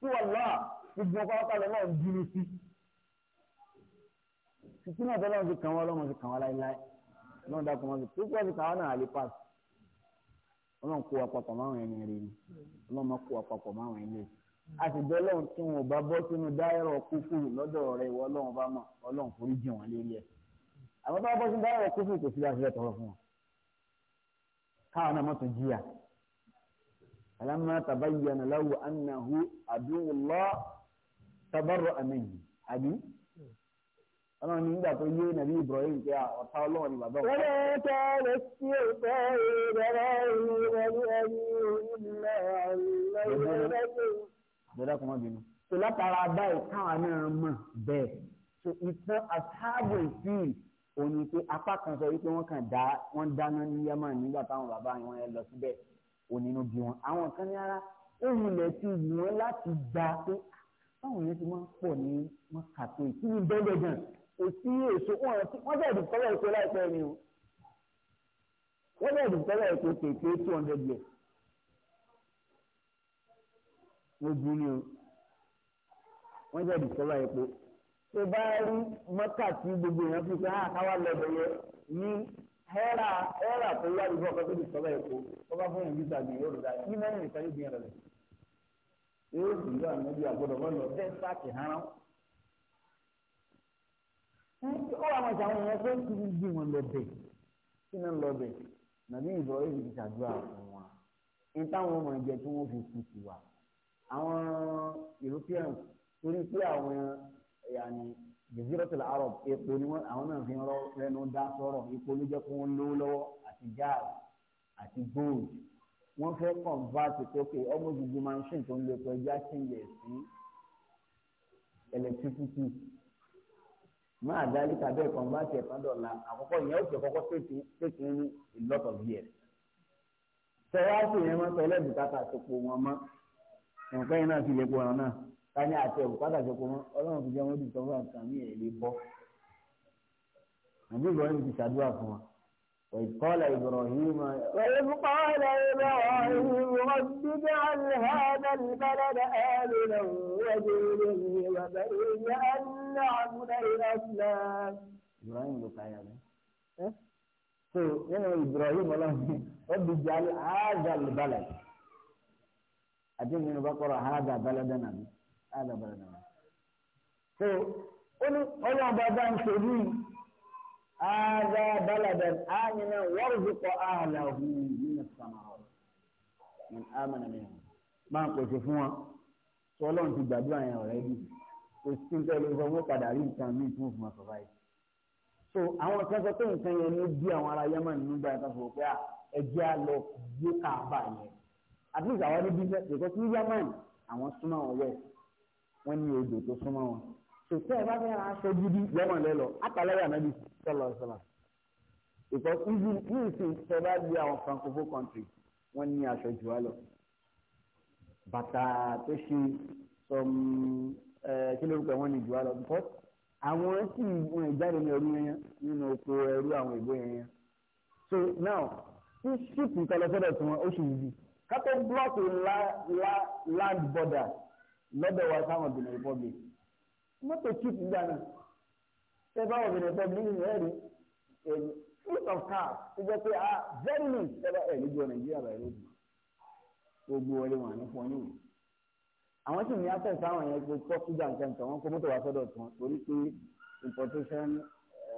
tí wọ́n lọ́à gbogbo ọkọ̀ ọ̀tàlẹ̀ náà ń dúró sí. títí náà tọ́lá ti kàn wá ọlọ́run ti kàn wá láéláé ọlọ́run dákun wọn ti tó pọ̀ ti kàn wá náà àlè pass. ọlọ́run kó àpapọ̀ máwọn ẹni rè ni ọlọ́run máa kó àpapọ̀ máwọn ẹni rè. àtìgbẹ́ ọlọ́run tí wọn ò bá bọ́ sínú dáírọ̀ kúkú lọ́dọ̀ rẹ̀ ìwọ ọlọ́run bá mọ̀ ọlọ́run forí jìn wọn lérí ẹ̀. àwọn tó bá bọ́ sínú dáírọ̀ kúkú kò sí alamma tabayyana lahu annahu aduwullah tabarra'a minhu àbí ọlọ́run ní nígbà tó yé nàbí ibrahim pé ọ̀tá ọlọ́run ni bàbá òun. wọ́n lè tọ́ lè sí ìfẹ́ ìrẹ̀lẹ̀ ìrẹ̀lẹ̀ ẹni ìlẹ̀ ìrẹ̀lẹ̀ ìrẹ̀lẹ̀ kọ́mọ́ bínú. tó látara báyìí káwọn náà mọ̀ bẹ́ẹ̀ tó ìtàn àtàbò sí òní pé apá kan sọ wípé wọ́n kàn dá wọ́n dáná ní yamani nígbà táwọn bàbá wọn lọ síbẹ̀ onínú bí wọn àwọn kan ní ara ohun ilẹ̀ ti wù wọ́n láti gba pé ah, báwọn yẹn ti máa ń pọ̀ ní mọ́kàtó kí ni bẹ́ẹ̀ bẹ́ẹ̀ gan kò sí èso wọ́n bẹ̀rẹ̀ dùkọ́lẹ̀ èso láìpẹ́ ni o wọ́n bẹ̀rẹ̀ dùkọ́lẹ̀ èso kéèké two hundred years wọ́n bu ni o wọ́n bẹ̀rẹ̀ dùkọ́lẹ̀ èso tó bá rí mọ́kàtí gbogbo èèyàn fi pé àkáwá ah, lọ́bẹ̀ yẹ ní ẹ̀rà ẹ̀rà tó yá ìbọn ọkọ tó di sọ́bà ẹ̀kọ́ ọba fún ìlú tàbí yóò dá ní mẹ́rin nìkan yóò gbìyànjú rẹ̀ yóò sì lọ àwọn ẹbí àgbọ̀dọ̀ mọ́ lọ fẹ́ sáàkì hánà. ó wà mọ̀ọ́sí àwọn èèyàn fẹ́ kí ní bí wọn lọ bẹ̀ kí ní lọ bẹ̀ nàbí ìbọn yóò fi ṣàdúrà fún wa ní táwọn ọmọ ìjẹ tí wọ́n fi kú sí wa àwọn Europeans torí pé àwọn yàní jaziratul arab epo ni wọn àwọn náà fi ń rọ lẹ́nu dá sọ̀rọ̀ epo ló jẹ́ kó ń lówó lọ́wọ́ àti gáàsì àti gold wọ́n fẹ́ convert tókè ọmọ gbogbo machine tó ń lo epo ẹja change sí electricity máa dájú tàbí ẹ̀ convert ẹ̀ kan dọ̀la àkọ́kọ́ ìyẹn ó ti kọ́kọ́ tètè ní a lot of years tẹ́wáṣì yẹn máa tọ́lẹ̀ bùkátà tó po wọn mọ́ nǹkan yẹn náà ti lè po ọ̀ràn náà. ká ní àti ẹ̀wù pàtàkì ọlọ́run fi jẹ́ wọ́n di bọ́. àbí ìbọn ti ṣàdúrà fún wa. وإذ إبراهيم وإذ قال إبراهيم رب اجعل هذا البلد آمنا وجنبني وبني أن نعبد الأصنام إبراهيم ya rẹ̀ ẹ́ so nínú رب اجعل هذا البلد àgàbàrà náà. so ó ní ọlọ́run bàbá ń ṣe ní ààrẹ baladan ààyìnà wọ́rùdùkọ̀ ààlàhù nínú sàmáwọ̀ ní àmàlà mìíràn máa pèsè fún wọn sọ ọlọ́run ti gbàdúrà yẹn ọ̀rẹ́ yìí kò sí nǹkan ẹlẹ́yìn fún wọn padà rí nǹkan míì tí wọ́n fi máa sọ so àwọn kan sọ pé nǹkan yẹn ló bí àwọn ará yamani nígbà yẹn kan sọ pé ẹjẹ́ á lọ gbé káàbà yẹn at least àwọn ní business because ní yamani àwọn súnmọ́ àwọn west wọ́n ní odò tó súnmọ́ wọn sòtẹ́ ẹ bá fẹ́ ra aṣọ gidi yọmọ lẹ lọ àtàlẹ́yà ànábì sọlọ sọlọ because ibi yìí sì tẹ bá di àwọn francophone country wọ́n ní aṣọ jù wá lọ bàtà tó ṣe sọm ẹ kí ló ń pẹ wọ́n ní jù wá lọ because àwọn sì wọn ìjáde ní ẹrú yẹn nínú oko ẹrú àwọn ìbò yẹn so now tí ship ìkọlọsọdọ tí wọn ó ṣì yìí kátó blọọkì la la land border lọ́dọ̀ wa sáwọn Benin Republic mọ́tò chip dáná ṣé báwọn Benin Republic ní ẹ̀rí fruit of car ṣe jẹ́ pé ah very neat ṣẹlẹ̀ ẹ̀ lójú Nàìjíríà bàyẹ̀ lójú gbogbo ọ̀rẹ́ wọn ànífọ̀ níwò àwọn sì ní access sáwọn yẹn pé Portugal nǹkan tán wọn kó mọ́tò wá sọ́dọ̀ tán torí pé importation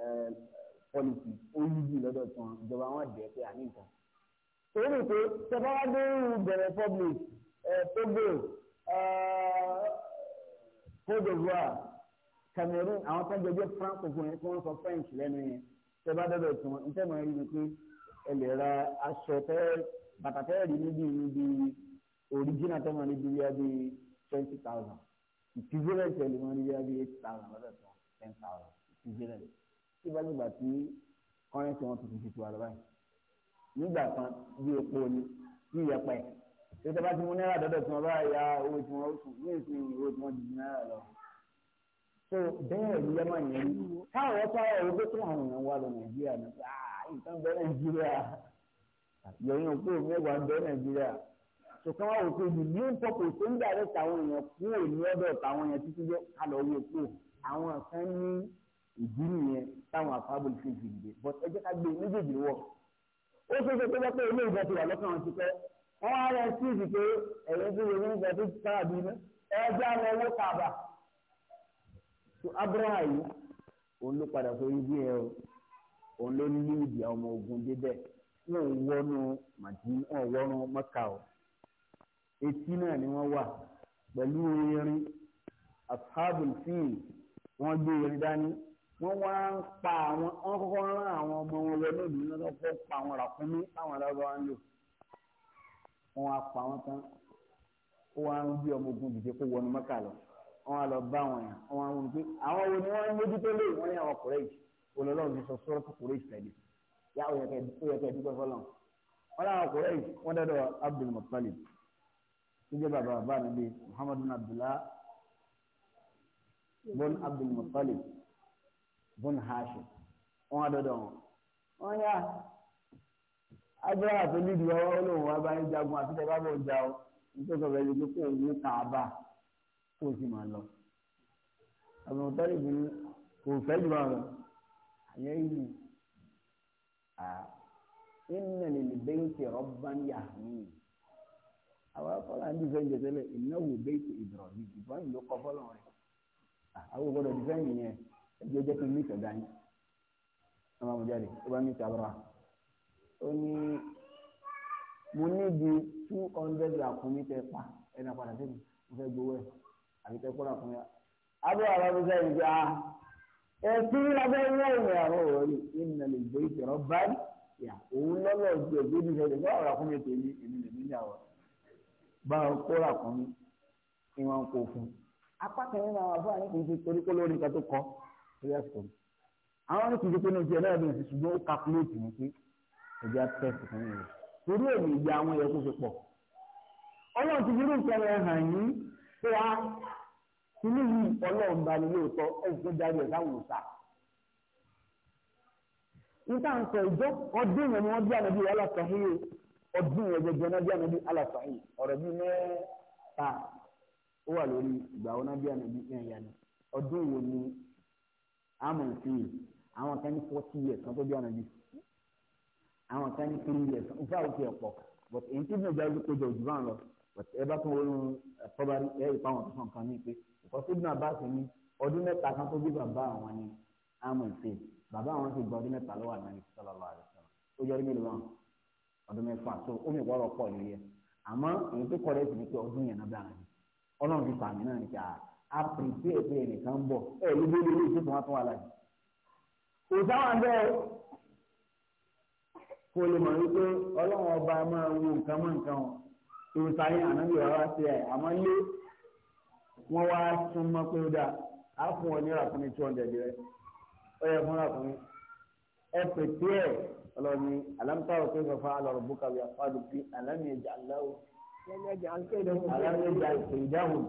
eh, policy ó yí jù lọ́dọ̀ tán ìjọba wọn dẹ̀ pé àní nǹkan. torí pé ṣe bá wá dé ìbẹ̀rẹ̀ public ẹ̀ eh, tó gbèrò. Eh, Côte d'Ivoire Cameroon àwọn tó ń jẹjẹ francophone tí wọ́n sọ French lẹ́nu yẹn tẹ́ bá dọ́dọ̀ tí wọ́n ń tẹ́ mọ̀ ẹ́ yìí pé ẹ lè ra aṣọ tẹ́ bàtà tẹ́ rí níbi níbi orijina tẹ́ mọ̀ níbi yá bí twenty thousand equivalent ẹ̀ lè mọ̀ níbi yá bí eight thousand lọ́dọ̀ tó ten thousand equivalent tí bá nígbà tí currency wọn tuntun ti tu àlọ́ báyìí nígbà kan bí epo ni bí iyẹ̀pẹ̀ ṣé tẹ́ bá ti mú náírà dọ́dọ̀ tí wọ́n bá ya owó tí wọ́n sùn ní ìsìn owó tí wọ́n di náírà lọ. so bẹ́ẹ̀ ni yẹ́mọ̀ yẹn ní káwọn ọ̀pá ẹ̀rọ pé kí àwọn èèyàn wà lọ nàìjíríà ní pé nǹkan ah, bẹ́ẹ̀ nàìjíríà yẹ̀yìn òkú mẹ́wàá bẹ́ẹ̀ nàìjíríà ṣùgbọ́n wà wò pé the new purpose tó ń dàrẹ́ tàwọn èèyàn kúrò ní ọ̀dọ̀ tàwọn èèyàn títí jẹ́ kálọ̀ owó kúrò àwọn kan ní ìdí nìyẹn táwọn àfáàbò fi fìdí but ẹ jẹ́ ká gbé méjèèjì wọ̀ ó ṣeé ṣe pé wọn á lọ sí ìdìbò ẹ̀yìn tó yẹ ní ìgbà tó ti sára bí iná ẹjẹ́ àwọn owó kàbà tó abraha yìí òun ló padà o òun ló ní ìdí ọmọ ogun débẹ̀ wọn ò wọnú màdí wọn ò wọnú mọ́kà o etí náà ni wọn wà pẹ̀lú irin gbé irin dání wá ń pa àwọn rán wọn wá pa wọn tán ó wá ń bí ọmọ ogun dìde kó wọnú mọ́kà lọ wọn wá lọ bá wọn yàn wọn wá wọn pé àwọn wo ni wọn ń mójútó lé wọn ní àwọn kùrẹ́jì olólùwọ́n ti sọ sọ́rọ́ tó kùrẹ́jì tẹ̀lé yá ó yẹ kẹ́ dúpẹ́ fọlọ́n wọn láwọn kùrẹ́jì wọn dọ́dọ̀ Abdul Muttalib níjẹ́ bàbá bàbá mi bíi Muhammadu Abdullah bon Abdul Muttalib bon Hashim wọn dọ́dọ̀ wọn wọn yá agbára tó nídi ọwọ́ olóhùn wa bá ń jagun àti tẹ bá bọ̀ ja ọ nítorí ọ̀rẹ́ yìí pé kó owó kà á bà kó o sì máa lọ. àbẹ̀wò tẹ́lẹ̀ bí kò fẹ́ jù bá lọ. àyẹ̀ yìí à ìnà lè lè bẹ́ẹ̀ tẹ̀ rọ́bà ní àhùn yìí. àwọn akọ́lá ń dìfẹ́ ǹjẹ́ tẹ́lẹ̀ ìnáwó bẹ́ẹ̀ tẹ̀ ìdọ̀rọ̀ ní ìbọn ìlú kọ́ fọ́lọ́ rẹ̀. àwọn ògbọ́dọ̀ dìfẹ́ ǹjẹ́ yẹn ẹjọ́ ó ní mo níbi two hundred ràkúnmí tẹ pa ẹ̀dá padà sí mi mo fẹ́ gbowó ẹ̀ àbí tẹ kó ràkúnmí rà abẹ́ àwọn ọmọ sẹ́yìn gbé a ẹ̀sìn lábẹ́ ilé ìwé àwọn ọ̀rọ̀ yìí ìnà lè gbé ìtẹ̀rọ báyìí yà òun lọ́lọ́ ju ẹ̀gbẹ́ mi lọ́dẹ̀ náà ràkúnmí tèmi èmi lèmi ní àwọn bá a kó ràkúnmí ni wọ́n kó fún apá kan nínú àwọn afọ àyíkì ti torí kó lórí nǹkan tó kọ lórí àsìkò àwọn ní kìí ṣe pé ẹ̀jẹ̀ tẹ̀sí fún yẹn torí èmi ìyá àwọn ẹ̀yẹ kó fi pọ̀ ọlọ́run ti dúró nǹkan rẹ̀ hàn yín pé a inú yìí ọlọ́run bá ní lóòótọ́ ẹ̀sìn tó darí ẹ̀ sáwọn òòṣà níta ń sọ ìjọ ọdún yẹn ni wọ́n bí ànábì aláṣàhìn ọdún yẹn gẹ́gẹ́ náà bí ànábì aláṣàhìn ọ̀rọ̀ bíi mẹ́ta ó wà lórí ìgbà wọn náà bí ànábì ẹ̀yà ọdún wo ni àmọ̀ ìfìyè àwọn kan ní forty kan tó bí ànábì àwọn kan ní three years n fà ó ọ̀pọ̀ but èyí tí mo jáde kó òjò bá lọ but ẹ bá tún wọnú ẹ̀kọ́bárí ẹ yìí pa àwọn tó sàn kan ní pé ìkọ́sí ibùdó àbáṣe ní ọdún mẹ́ta kan tó bí bàbá àwọn ni àmọ̀ ṣe bàbá àwọn ti gba ọdún mẹ́ta lọ́wọ́ àdáni sallallahu alaihi wasallam ó jẹ́ mélòó wọn ọdún mẹ́fà so omi ìwọ́rọ̀ pọ̀ lórí ẹ̀ àmọ́ èyí tó kọ́ lẹ́sìn ní pé ọdún yẹn náà bá rìn ọlọ́run ti sàmì náà ní pé ah, a pèsè ètò ẹnìkan ń bọ̀ ẹ̀ ló dé lórí ìṣètò wọn kó lè mọ̀ wípé ọlọ́run ọba máa wo nǹkan mọ́ nǹkan wọn ìwé sáyẹn ànábì wa wá sí ẹ̀ àmọ́ lé wọ́n wá sún mọ́ pé ó dáa á fún ọ ní ràkúnmí two hundred rẹ ó yẹ fún ràkúnmí ẹ pètè ẹ ọlọ́ni alámùtáwò pé fàfà alọ̀rọ̀ bùkà wíyà fàdù bí alámìyẹjà aláwò alámìyẹjà ìdáhùn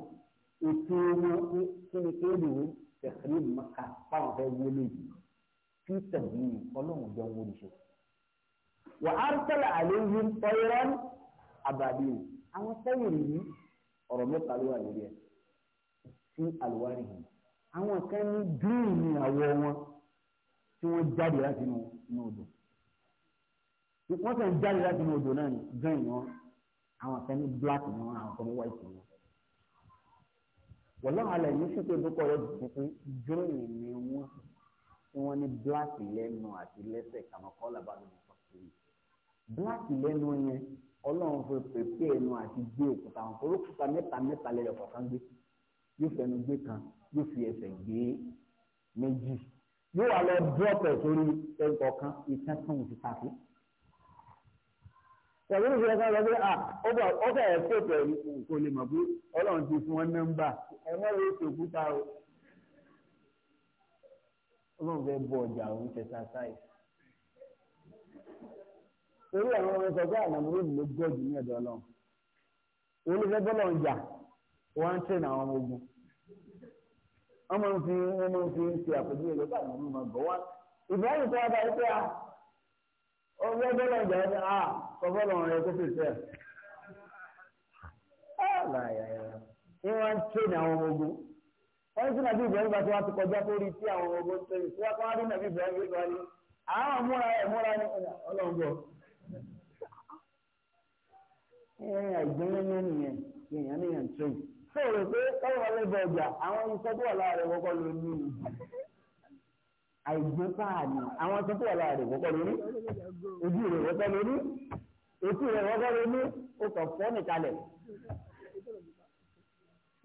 ètò wọn kí ni kí ni wọn tẹ̀sílẹ̀ mọ́ka fáwọn fẹ́ wọlé yìí fí tẹ̀sílẹ̀ ọlọ́run jọ wọlé ṣe wà á sọ̀rọ̀ àléyìn tọ́yọ́rọ́ àbàdì àwọn sẹ́yìn yìí ọ̀rọ̀ mẹ́ta ló wà lórí ẹ̀ sí àlùwárí yìí àwọn kan ní green ní àwọ̀ wọn tí wọ́n jáde láti inú odò wọ́n sàn jáde láti inú odò náà ní green wọn àwọn kan ní black ní wọn àwọn kan ní white ní wọn wọ́n lọ́wọ́ alẹ́ ní sípò ìdókòwò rẹ̀ tuntun green ní wọn tí wọ́n ní black lẹ́nu àti lẹ́sẹ̀ kàmọ́kọ́ làbá lóbi fọ́ọ̀tì yìí black lẹ́nu yẹn ọlọ́run fi pèpè ẹnu àti gbé òkúta wọn kóró òkúta mẹ́ta mẹ́ta lẹ́yọ̀ kọ̀ọ̀kan gbé yóò fẹnu gbé kan yóò fi ẹsẹ̀ gbé méjì yóò wà lọ drop ẹ̀ sórí ẹgbẹ́ ọ̀kan ìtàn kan ò ti pàṣẹ. pẹ̀lú ìṣẹ́ kan lọ sí à ọba ọba ẹ̀ kó pẹ̀lú kò lè mọ̀ pé ọlọ́run ti fún wọn nọ́mbà ẹ wọ́n lè fi òkúta o. ọlọ́run fẹ́ bọ ọjà òun tẹ̀ sáà sáà yìí. torí àwọn ọmọ sọ pé gbọ́ jù ní ẹ̀dọ̀ ọlọ́run ń jà wọ́n ń tẹ̀lé àwọn ọmọ ogun ọmọ ń fi ọmọ ń fi ṣe máa gbọ́ wá ìbáyìí tó wá bá pé a ah, ọgbẹ́ bọ́lọ̀ ń jà ẹ́ a kọ bọ́lọ̀ kó fi tẹ̀ ẹ́ wọ́n ń tẹ̀lé àwọn ọmọ ogun wọ́n ń sìnàbí ìbẹ̀rù ẹgbẹ́ nínú nìyẹn nìyẹn nìyẹn tó yìí. ṣé o rò pé káwọn ọlẹ́bẹ̀ ọjà àwọn iṣẹ́ tó wà láàrin kọ́kọ́ ló ní ìlú àìgbé páàdì àwọn iṣẹ́ tó wà láàrin kọ́kọ́ ló ní ojú rẹ̀ kọ́kọ́ ló ní etí rẹ̀ kọ́kọ́ ló ní o kàn fọ́ nìkalẹ̀.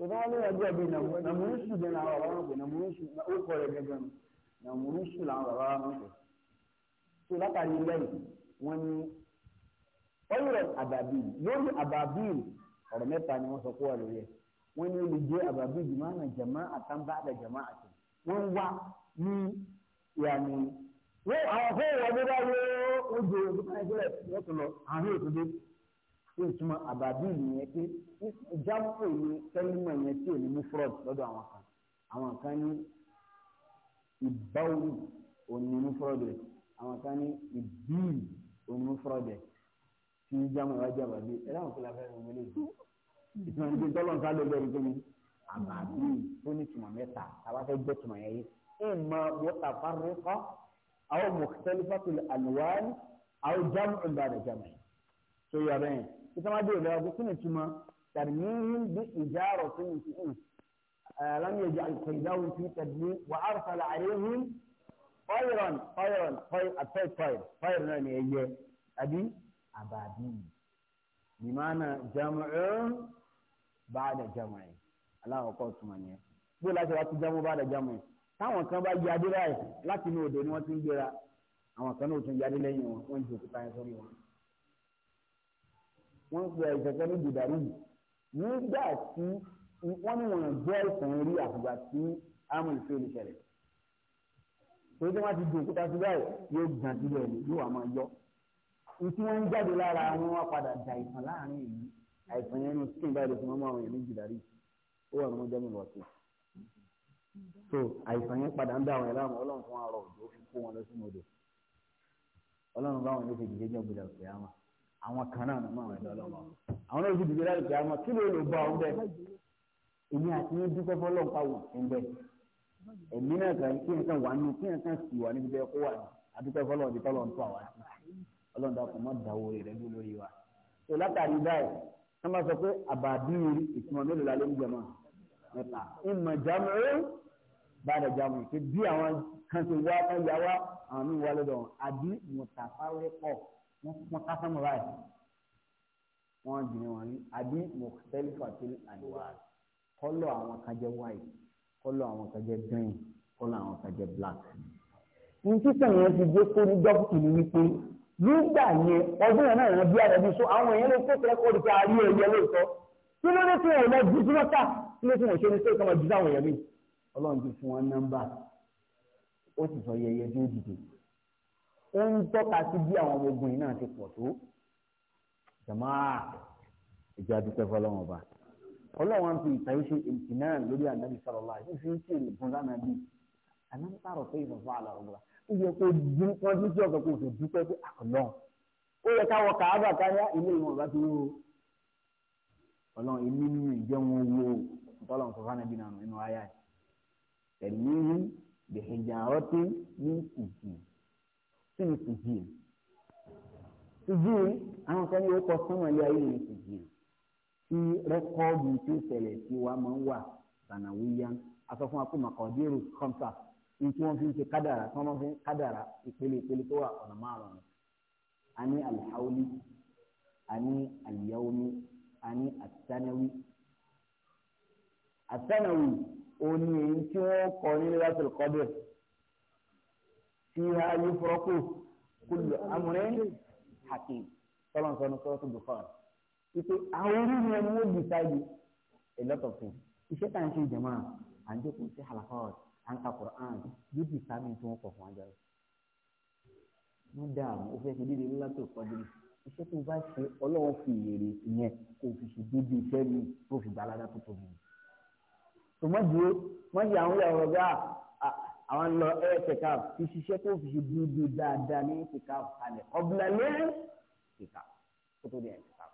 ìbá wọn ní ọjọ́ bíi nàmúrúṣù ni àwọn bàbá wọn pè nàmúrúṣù ó kọ rẹ̀ gẹ́gẹ́ nàmúrúṣù làwọn bàbá wọn pè. tó látàrí lẹ́yìn wọ́n ní alal ababil lórí ababil ọ̀rọ̀ mẹ́ta ni wọ́n sọ kó wà lórí ẹ̀ wọ́n ní olè jẹ́ ababil jùmọ́ àná jama àtàǹbá àdà jama àti wọ́n wá ní ìyàní. wọ́n àwọn fún ìwọ́dé bá yọ ó jẹ ọdún kan ẹgbẹ́ rẹ̀ lọ́tọ̀ lọ àárín òtúndé tí ó túmọ̀ ababil yẹn pé jámọ́ ìlú kẹ́límọ̀ yẹn tí ò ní mú fraud lọ́dọ̀ àwọn kan àwọn kan ní ìbáwí òní mú fraud rẹ̀ àwọn kan ní ìbíì òní mú fraud rẹ̀ tí jámù wá jábà dé ẹ láwọn fúlàfẹ rẹ wọlé yìí ìtumọ̀ níbi tọ́lọ̀ ń sáré lórí kí ni àbàbí tó ní tùmọ̀ mẹ́ta àbá fẹ́ gbé tùmọ̀ yẹn yìí ẹ mọ wọ́tà fárẹ́kọ́ àwọn mọ̀kítẹ́lifátù àlùwárí àwọn jámù ìbàdàn jámù tó yọ abẹ́yẹn ìtàmádé ìlú ọdún kí ni tùmọ̀ tàbíyìn bí ìjárọ̀ tó ní tùmọ̀ alam yẹ jẹ alikaidawo fi tẹbi wa arsala alehim fayron fayron fayron fayron fayron náà ni ẹ yẹ àbí ababil bìmánà jam'un ba'da jam'in aláwọ̀kọ́ tuma yẹn gbé láti wá ti jam'u ba'da jam'in táwọn kan bá yí adé báyìí láti inú odò ni wọ́n ti ń gbéra àwọn kan náà tún yí adé lẹ́yìn wọn wọ́n ń ju òkúta yẹn sórí wọn. wọ́n ń pe ìṣẹ̀kẹ́ ní jùdàrú nígbà tí wọ́n ní wọ́n gbọ́ ìtàn rí àfùgbà tí amúlù fi olùṣẹ̀lẹ̀ torí tí wọ́n ti ju òkúta sí báyìí yóò gbà síbẹ̀ yóò wà máa yọ. ìtí wọn ń jáde lára wọn wá padà da àìsàn láàrin yìí àìsàn yẹn ní skin báyìí ló àwọn èèyàn méjì dárí ó wà lọ́ọ̀tì so àìsàn yẹn padà ń dá àwọn ẹlẹ́wọ̀n ọlọ́run fún àrọ̀ òjò ó fi kó wọn lọ sí mọ́dọ̀ ọlọ́run bá wọn fi dìde àwọn kan náà ọlọ́run àwọn náà fi dìde ọlọ́run dàpọ̀ mọ́ dàwọ̀ rẹ̀ ló lórí wa. tó látàrí báyìí wọ́n bá sọ pé àbàbíyì ìtumọ̀ mélòó la ló ń jẹmọ́ nípa ìmọ̀ jámù ó bàdà jámù pé bí àwọn kan ti wá kan yà wá àwọn míì wá lọ́dọ̀ wọn àbí mùtàfáwé pọ̀ wọ́n ká sọ́mù báyìí wọ́n jìnnà wọn rí àbí mọ̀tẹ́lì fàtí àdìwá kọ́lọ̀ àwọn kan jẹ́ kọ́lọ̀ àwọn kan jẹ́ kọ́lọ̀ àwọn kan jẹ́ black. ní títàn yẹn ti dé kó ní dọ́kítì ní wípé nígbà yẹn ọdún yẹn náà wọ́n bí àrẹ bí so àwọn èèyàn lè fẹ́ kẹ́kọ̀ọ́ di pé a rí ẹyẹ lóòótọ́ kí ló dé tí wọn ò lọ jù sínú ká kí ló tí wọn ṣe ní sẹ́yìn kan máa jù sáwọn èèyàn mi ọlọ́run ti fún wọn nọ́mbà ó sì sọ yẹyẹ tí ó dìde ó ń tọ́ka sí bí àwọn ọmọ ogun yìí náà ti pọ̀ tó jàmá ìjọ adúpẹ́ fọlọ́wọn ọba ọlọ́wọ́n ń fi ìtàyè ṣe ìtìnáà lórí ànábì sọ̀rọ̀ láì fífi ń ṣe ìbùn lánàá bíi àná ń pààrọ̀ pé ó yẹ kó dín wọn dín sí ọkàn kó o sì dúpẹ́ pé àkànná ah, ó yẹ káwọ kàábà káyá ah, ilé ìwọn bá ti wó Ọlọ́run èmi ní ìjẹ wọn wo ìtọ́lọ̀ nǹkan fún ẹbí nànú nínú ayá ẹ̀ ẹ̀mí yìí bẹ̀hẹ̀jà ọtí ní ìjì sí ní ìjì ìjì àwọn kan ní orúkọ sọmọ ilé ayé ní ìjì tí rẹ́kọ́ọ̀dù tí ó ṣẹlẹ̀ sí wa máa ń wà sànàwíyá asọ́fún akó màkàdérò kọ́ńtà ní tí wọ́n fi ń ṣe kádàrà tí wọ́n fi ń kádàrà ìpele ìpele tó wà ọ̀nà márùn-ún a ní alihawli a ní aliyawomi a ní asanawi asanawi òun ni èyí tí wọ́n kọ nílé láti kọ́dọ̀ fi ha yí fúrọ́kù kullu amúrẹ́ni hakim tọ́lọ́nsọ́nù sọ́ọ́tù bukhari ìpè àwọn orí yẹn ni wọ́n bì sáyé a lot of things iṣẹ́ tá à ń ṣe jẹ̀mọ́ à ń jókòó sí halakọ́ọ̀tì à ń ka Quran yóò di sáà mi tí wọ́n kọ̀ fún ajá rẹ̀ wọ́n dààmú o fẹ́ ṣe déédéé ńlá tó kọ́jú iṣẹ́ tó bá ṣe ọlọ́wọ́ fi èrè yẹn kò fi ṣe déédéé iṣẹ́ mi tó fi gbàládá tó tóbi mi. tó mọ̀ di mọ̀ di àwọn ìyàwó rẹ̀ bá àwọn lọ ẹ̀rẹ́ tẹ̀ka fi ṣiṣẹ́ tó fi ṣe déédéé dáadáa ní tẹ̀ka kalẹ̀ ọ̀bùnà lé tẹ̀ka kó tó di ẹ̀ tẹ̀ka.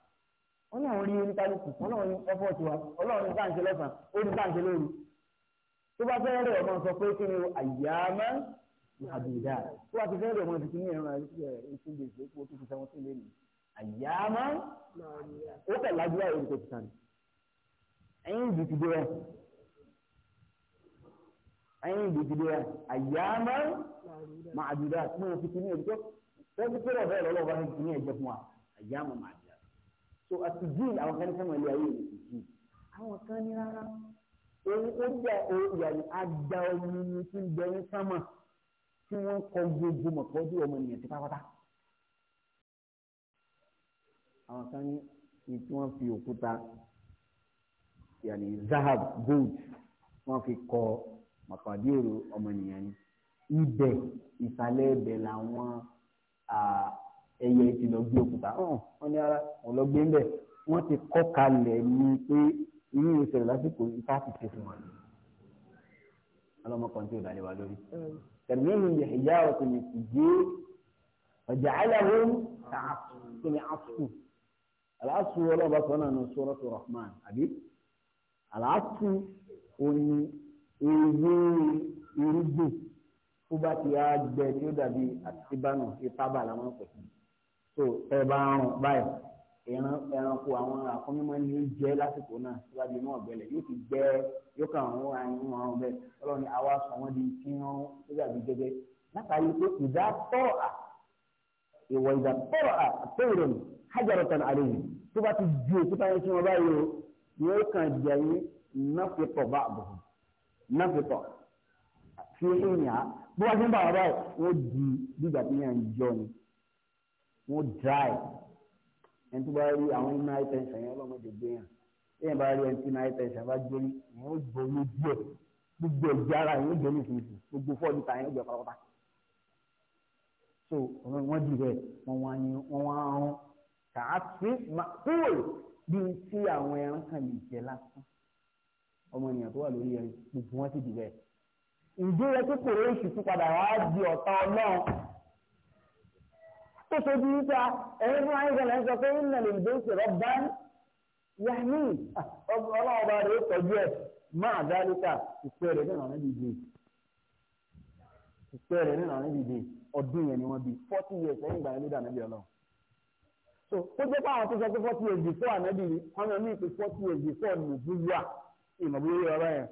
wọ́n náà rí oníkálukú wọ́n náà rí ẹ̀fọ́ tiwa ọlọ́run ní báńṣe lọ́sàn-án ó ní báńṣe lóru tó bá fẹ́ rẹ̀ ọmọ sọ pé kí ni àyàmá àbùdá tó bá ti fẹ́ rẹ̀ ọmọ ti ní ẹran eighteen days ló kó two to seventeen lé ní àyàmá ó kẹ̀ lágbára ìlú tó ti sàn ẹ̀yìn ìdí ti dé wa ẹ̀yìn ìdí ti dé wa àyàmá màdùdá mo fi ti ní ẹ̀jẹ̀ tó tẹ́tí pé ọ̀bẹ ẹ̀rọ lọ́wọ́ bá ti ní ẹ̀jẹ̀ fún wa àyàmá màdùdá so àtijì àwọn kan ní sẹ́wọ̀n ilé ayé ìlú ti jì àwọn kan ní rárá oúnjẹ a da omi ni tí ń bẹ ní sámà tí wọ́n kọ gbogbo mọ̀tọ́jú ọmọ ènìyàn ti pátápátá. àwọn kan ní ní tí wọ́n fi òkúta yàní zahab gold wọ́n fi kọ màpàdé òru ọmọ ènìyàn ni ibẹ̀ ìsàlẹ̀ ibẹ̀ làwọn ẹyẹ ti lọ gbé òkúta wọ́n ní ara wọ́n lọ gbé ń bẹ̀ wọ́n ti kọ́ kalẹ̀ ní pé irú ìṣẹ̀lẹ̀ lásìkò ìta ti ṣe fún wa ọlọ́mọkàn tí ò dálé wa lórí. tẹ̀míìlì ìyá ọ̀rọ̀ tó lè fi gé ọjà aláwo tó ní asùn ọlọ́ba kan náà ní suratu rahman àbí aláṣù òní ewé irúgbìn tó bá ti á gbẹ tí ó dàbí àtibánu ìtábà làwọn pè so ẹ bá ń rún báyìí ẹran ẹranko àwọn àkọ́mímọ́ ní í jẹ́ lásìkò náà síwájú inú ọ̀gbẹ́lẹ̀ yóò ti gbẹ yóò kàn wọ́n àyìn wọn ọ̀hún bẹ́ẹ̀ ọlọ́run àwa sọ wọ́n di tí wọ́n tó dàbí gẹ́gẹ́ látàrí pé ìdá tọ́rọ̀ ìwọ ìdá tọ́rọ̀ à ní hajaratan àlejò tó bá ti di òkú táwọn tí wọ́n bá yọ yóò kàn jẹ́ yín náfìtọ̀ bá àbọ̀ náfìtọ̀ fi ìyà bó wá sí ń bá wọn báyìí wọ́n di ẹni tó bá rí àwọn nine tension yẹn ọlọ́mọdé gbé yàn téèyàn bá rí ẹni tí nine tension bá gbé yàn ó gbóyún díẹ̀ gbogbo ẹ̀jẹ̀ ara yẹn ó gbé ní kìkì gbogbo fọ́ọ̀lù ta ó gbé pátápátá so wọ́n dì rẹ̀ wọ́n wá ní wọ́n wá ń kàá sí kúrò bí n tí àwọn ẹran kan lè jẹ lásán ọmọ ènìyàn tó wà lórí ẹ gbogbo wọn sì dì rẹ̀ ìdí rẹ tó kòrò èsì tó padà wá di ọ̀tá ọlọ́run tó ṣojú níta ẹ̀yin fún ayé gbọ́dọ̀ ń sọ pé ń nàlè ìdó ìṣòro bá ń yá ní ọlọ́ọ̀bá rẹ̀ tọ́jú ẹ̀ máa dálítà ìpẹ́ rẹ̀ nínú àwọn ìdíje ìpẹ́ rẹ̀ nínú àwọn ìdíje ọdún yẹn ni wọ́n bí forty years ẹ̀yìn ìgbà yẹn ọlọ́run. so tó jẹ́ pé àwọn tó sọ pé forty years before ànábì ni wọ́n yàn ní ìpè forty years before nùbúwà ìmọ̀bí ọ̀rọ̀ yẹn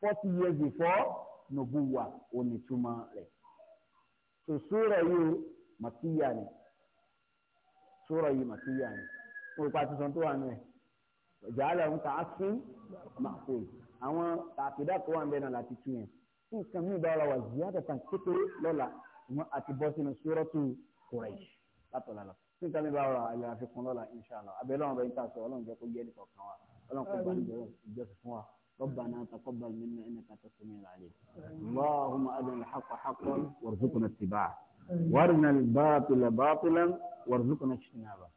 forty years before nùbúwà onítùmọ̀ rẹ̀. so sóòrọ̀ yìí màkíyà ni sura yìí màkíyà ni orúkọ àti sọ̀tún wà nù ẹ̀ jàálẹ̀ ń ta asín màkúl àwọn àkìdá tó wà ń bẹ náà láti tún yẹn fún nǹkan mí bá ara wà ziyada kan kékeré lọ́la wọn àti bọ́ sínú suratu Quraish látọ̀lá lọ fún nǹkan mí bá ara àlẹ́ àfikún lọ́la inṣàlá abẹ́lẹ́ wọn bẹ ń ta sọ ọlọ́run jẹ́ kó yẹ ní kọ̀ọ̀kan wa ọlọ́run kó bá níjọ́ ìjọsìn fún wa ربنا تقبل منا انك انت السميع العليم اللهم ارنا الحق حقا وارزقنا اتباعه وارنا الباطل باطلا وارزقنا اجتنابه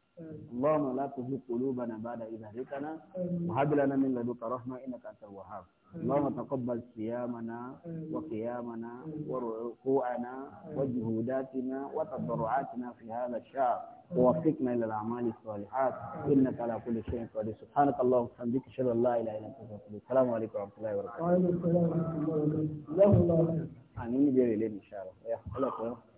اللهم لا تزغ قلوبنا بعد إذا هديتنا وهب لنا من لدنك رحمة إنك أنت الوهاب اللهم تقبل صيامنا وقيامنا وركوعنا وجهوداتنا وتضرعاتنا في هذا الشهر ووفقنا إلى الأعمال الصالحات إنك على كل شيء قدير سبحانك اللهم وبحمدك أشهد أن لا إله إلا أنت أستغفرك السلام عليكم ورحمة الله وبركاته. وعليكم السلام ورحمة الله وبركاته. آمين بإذن إن شاء الله.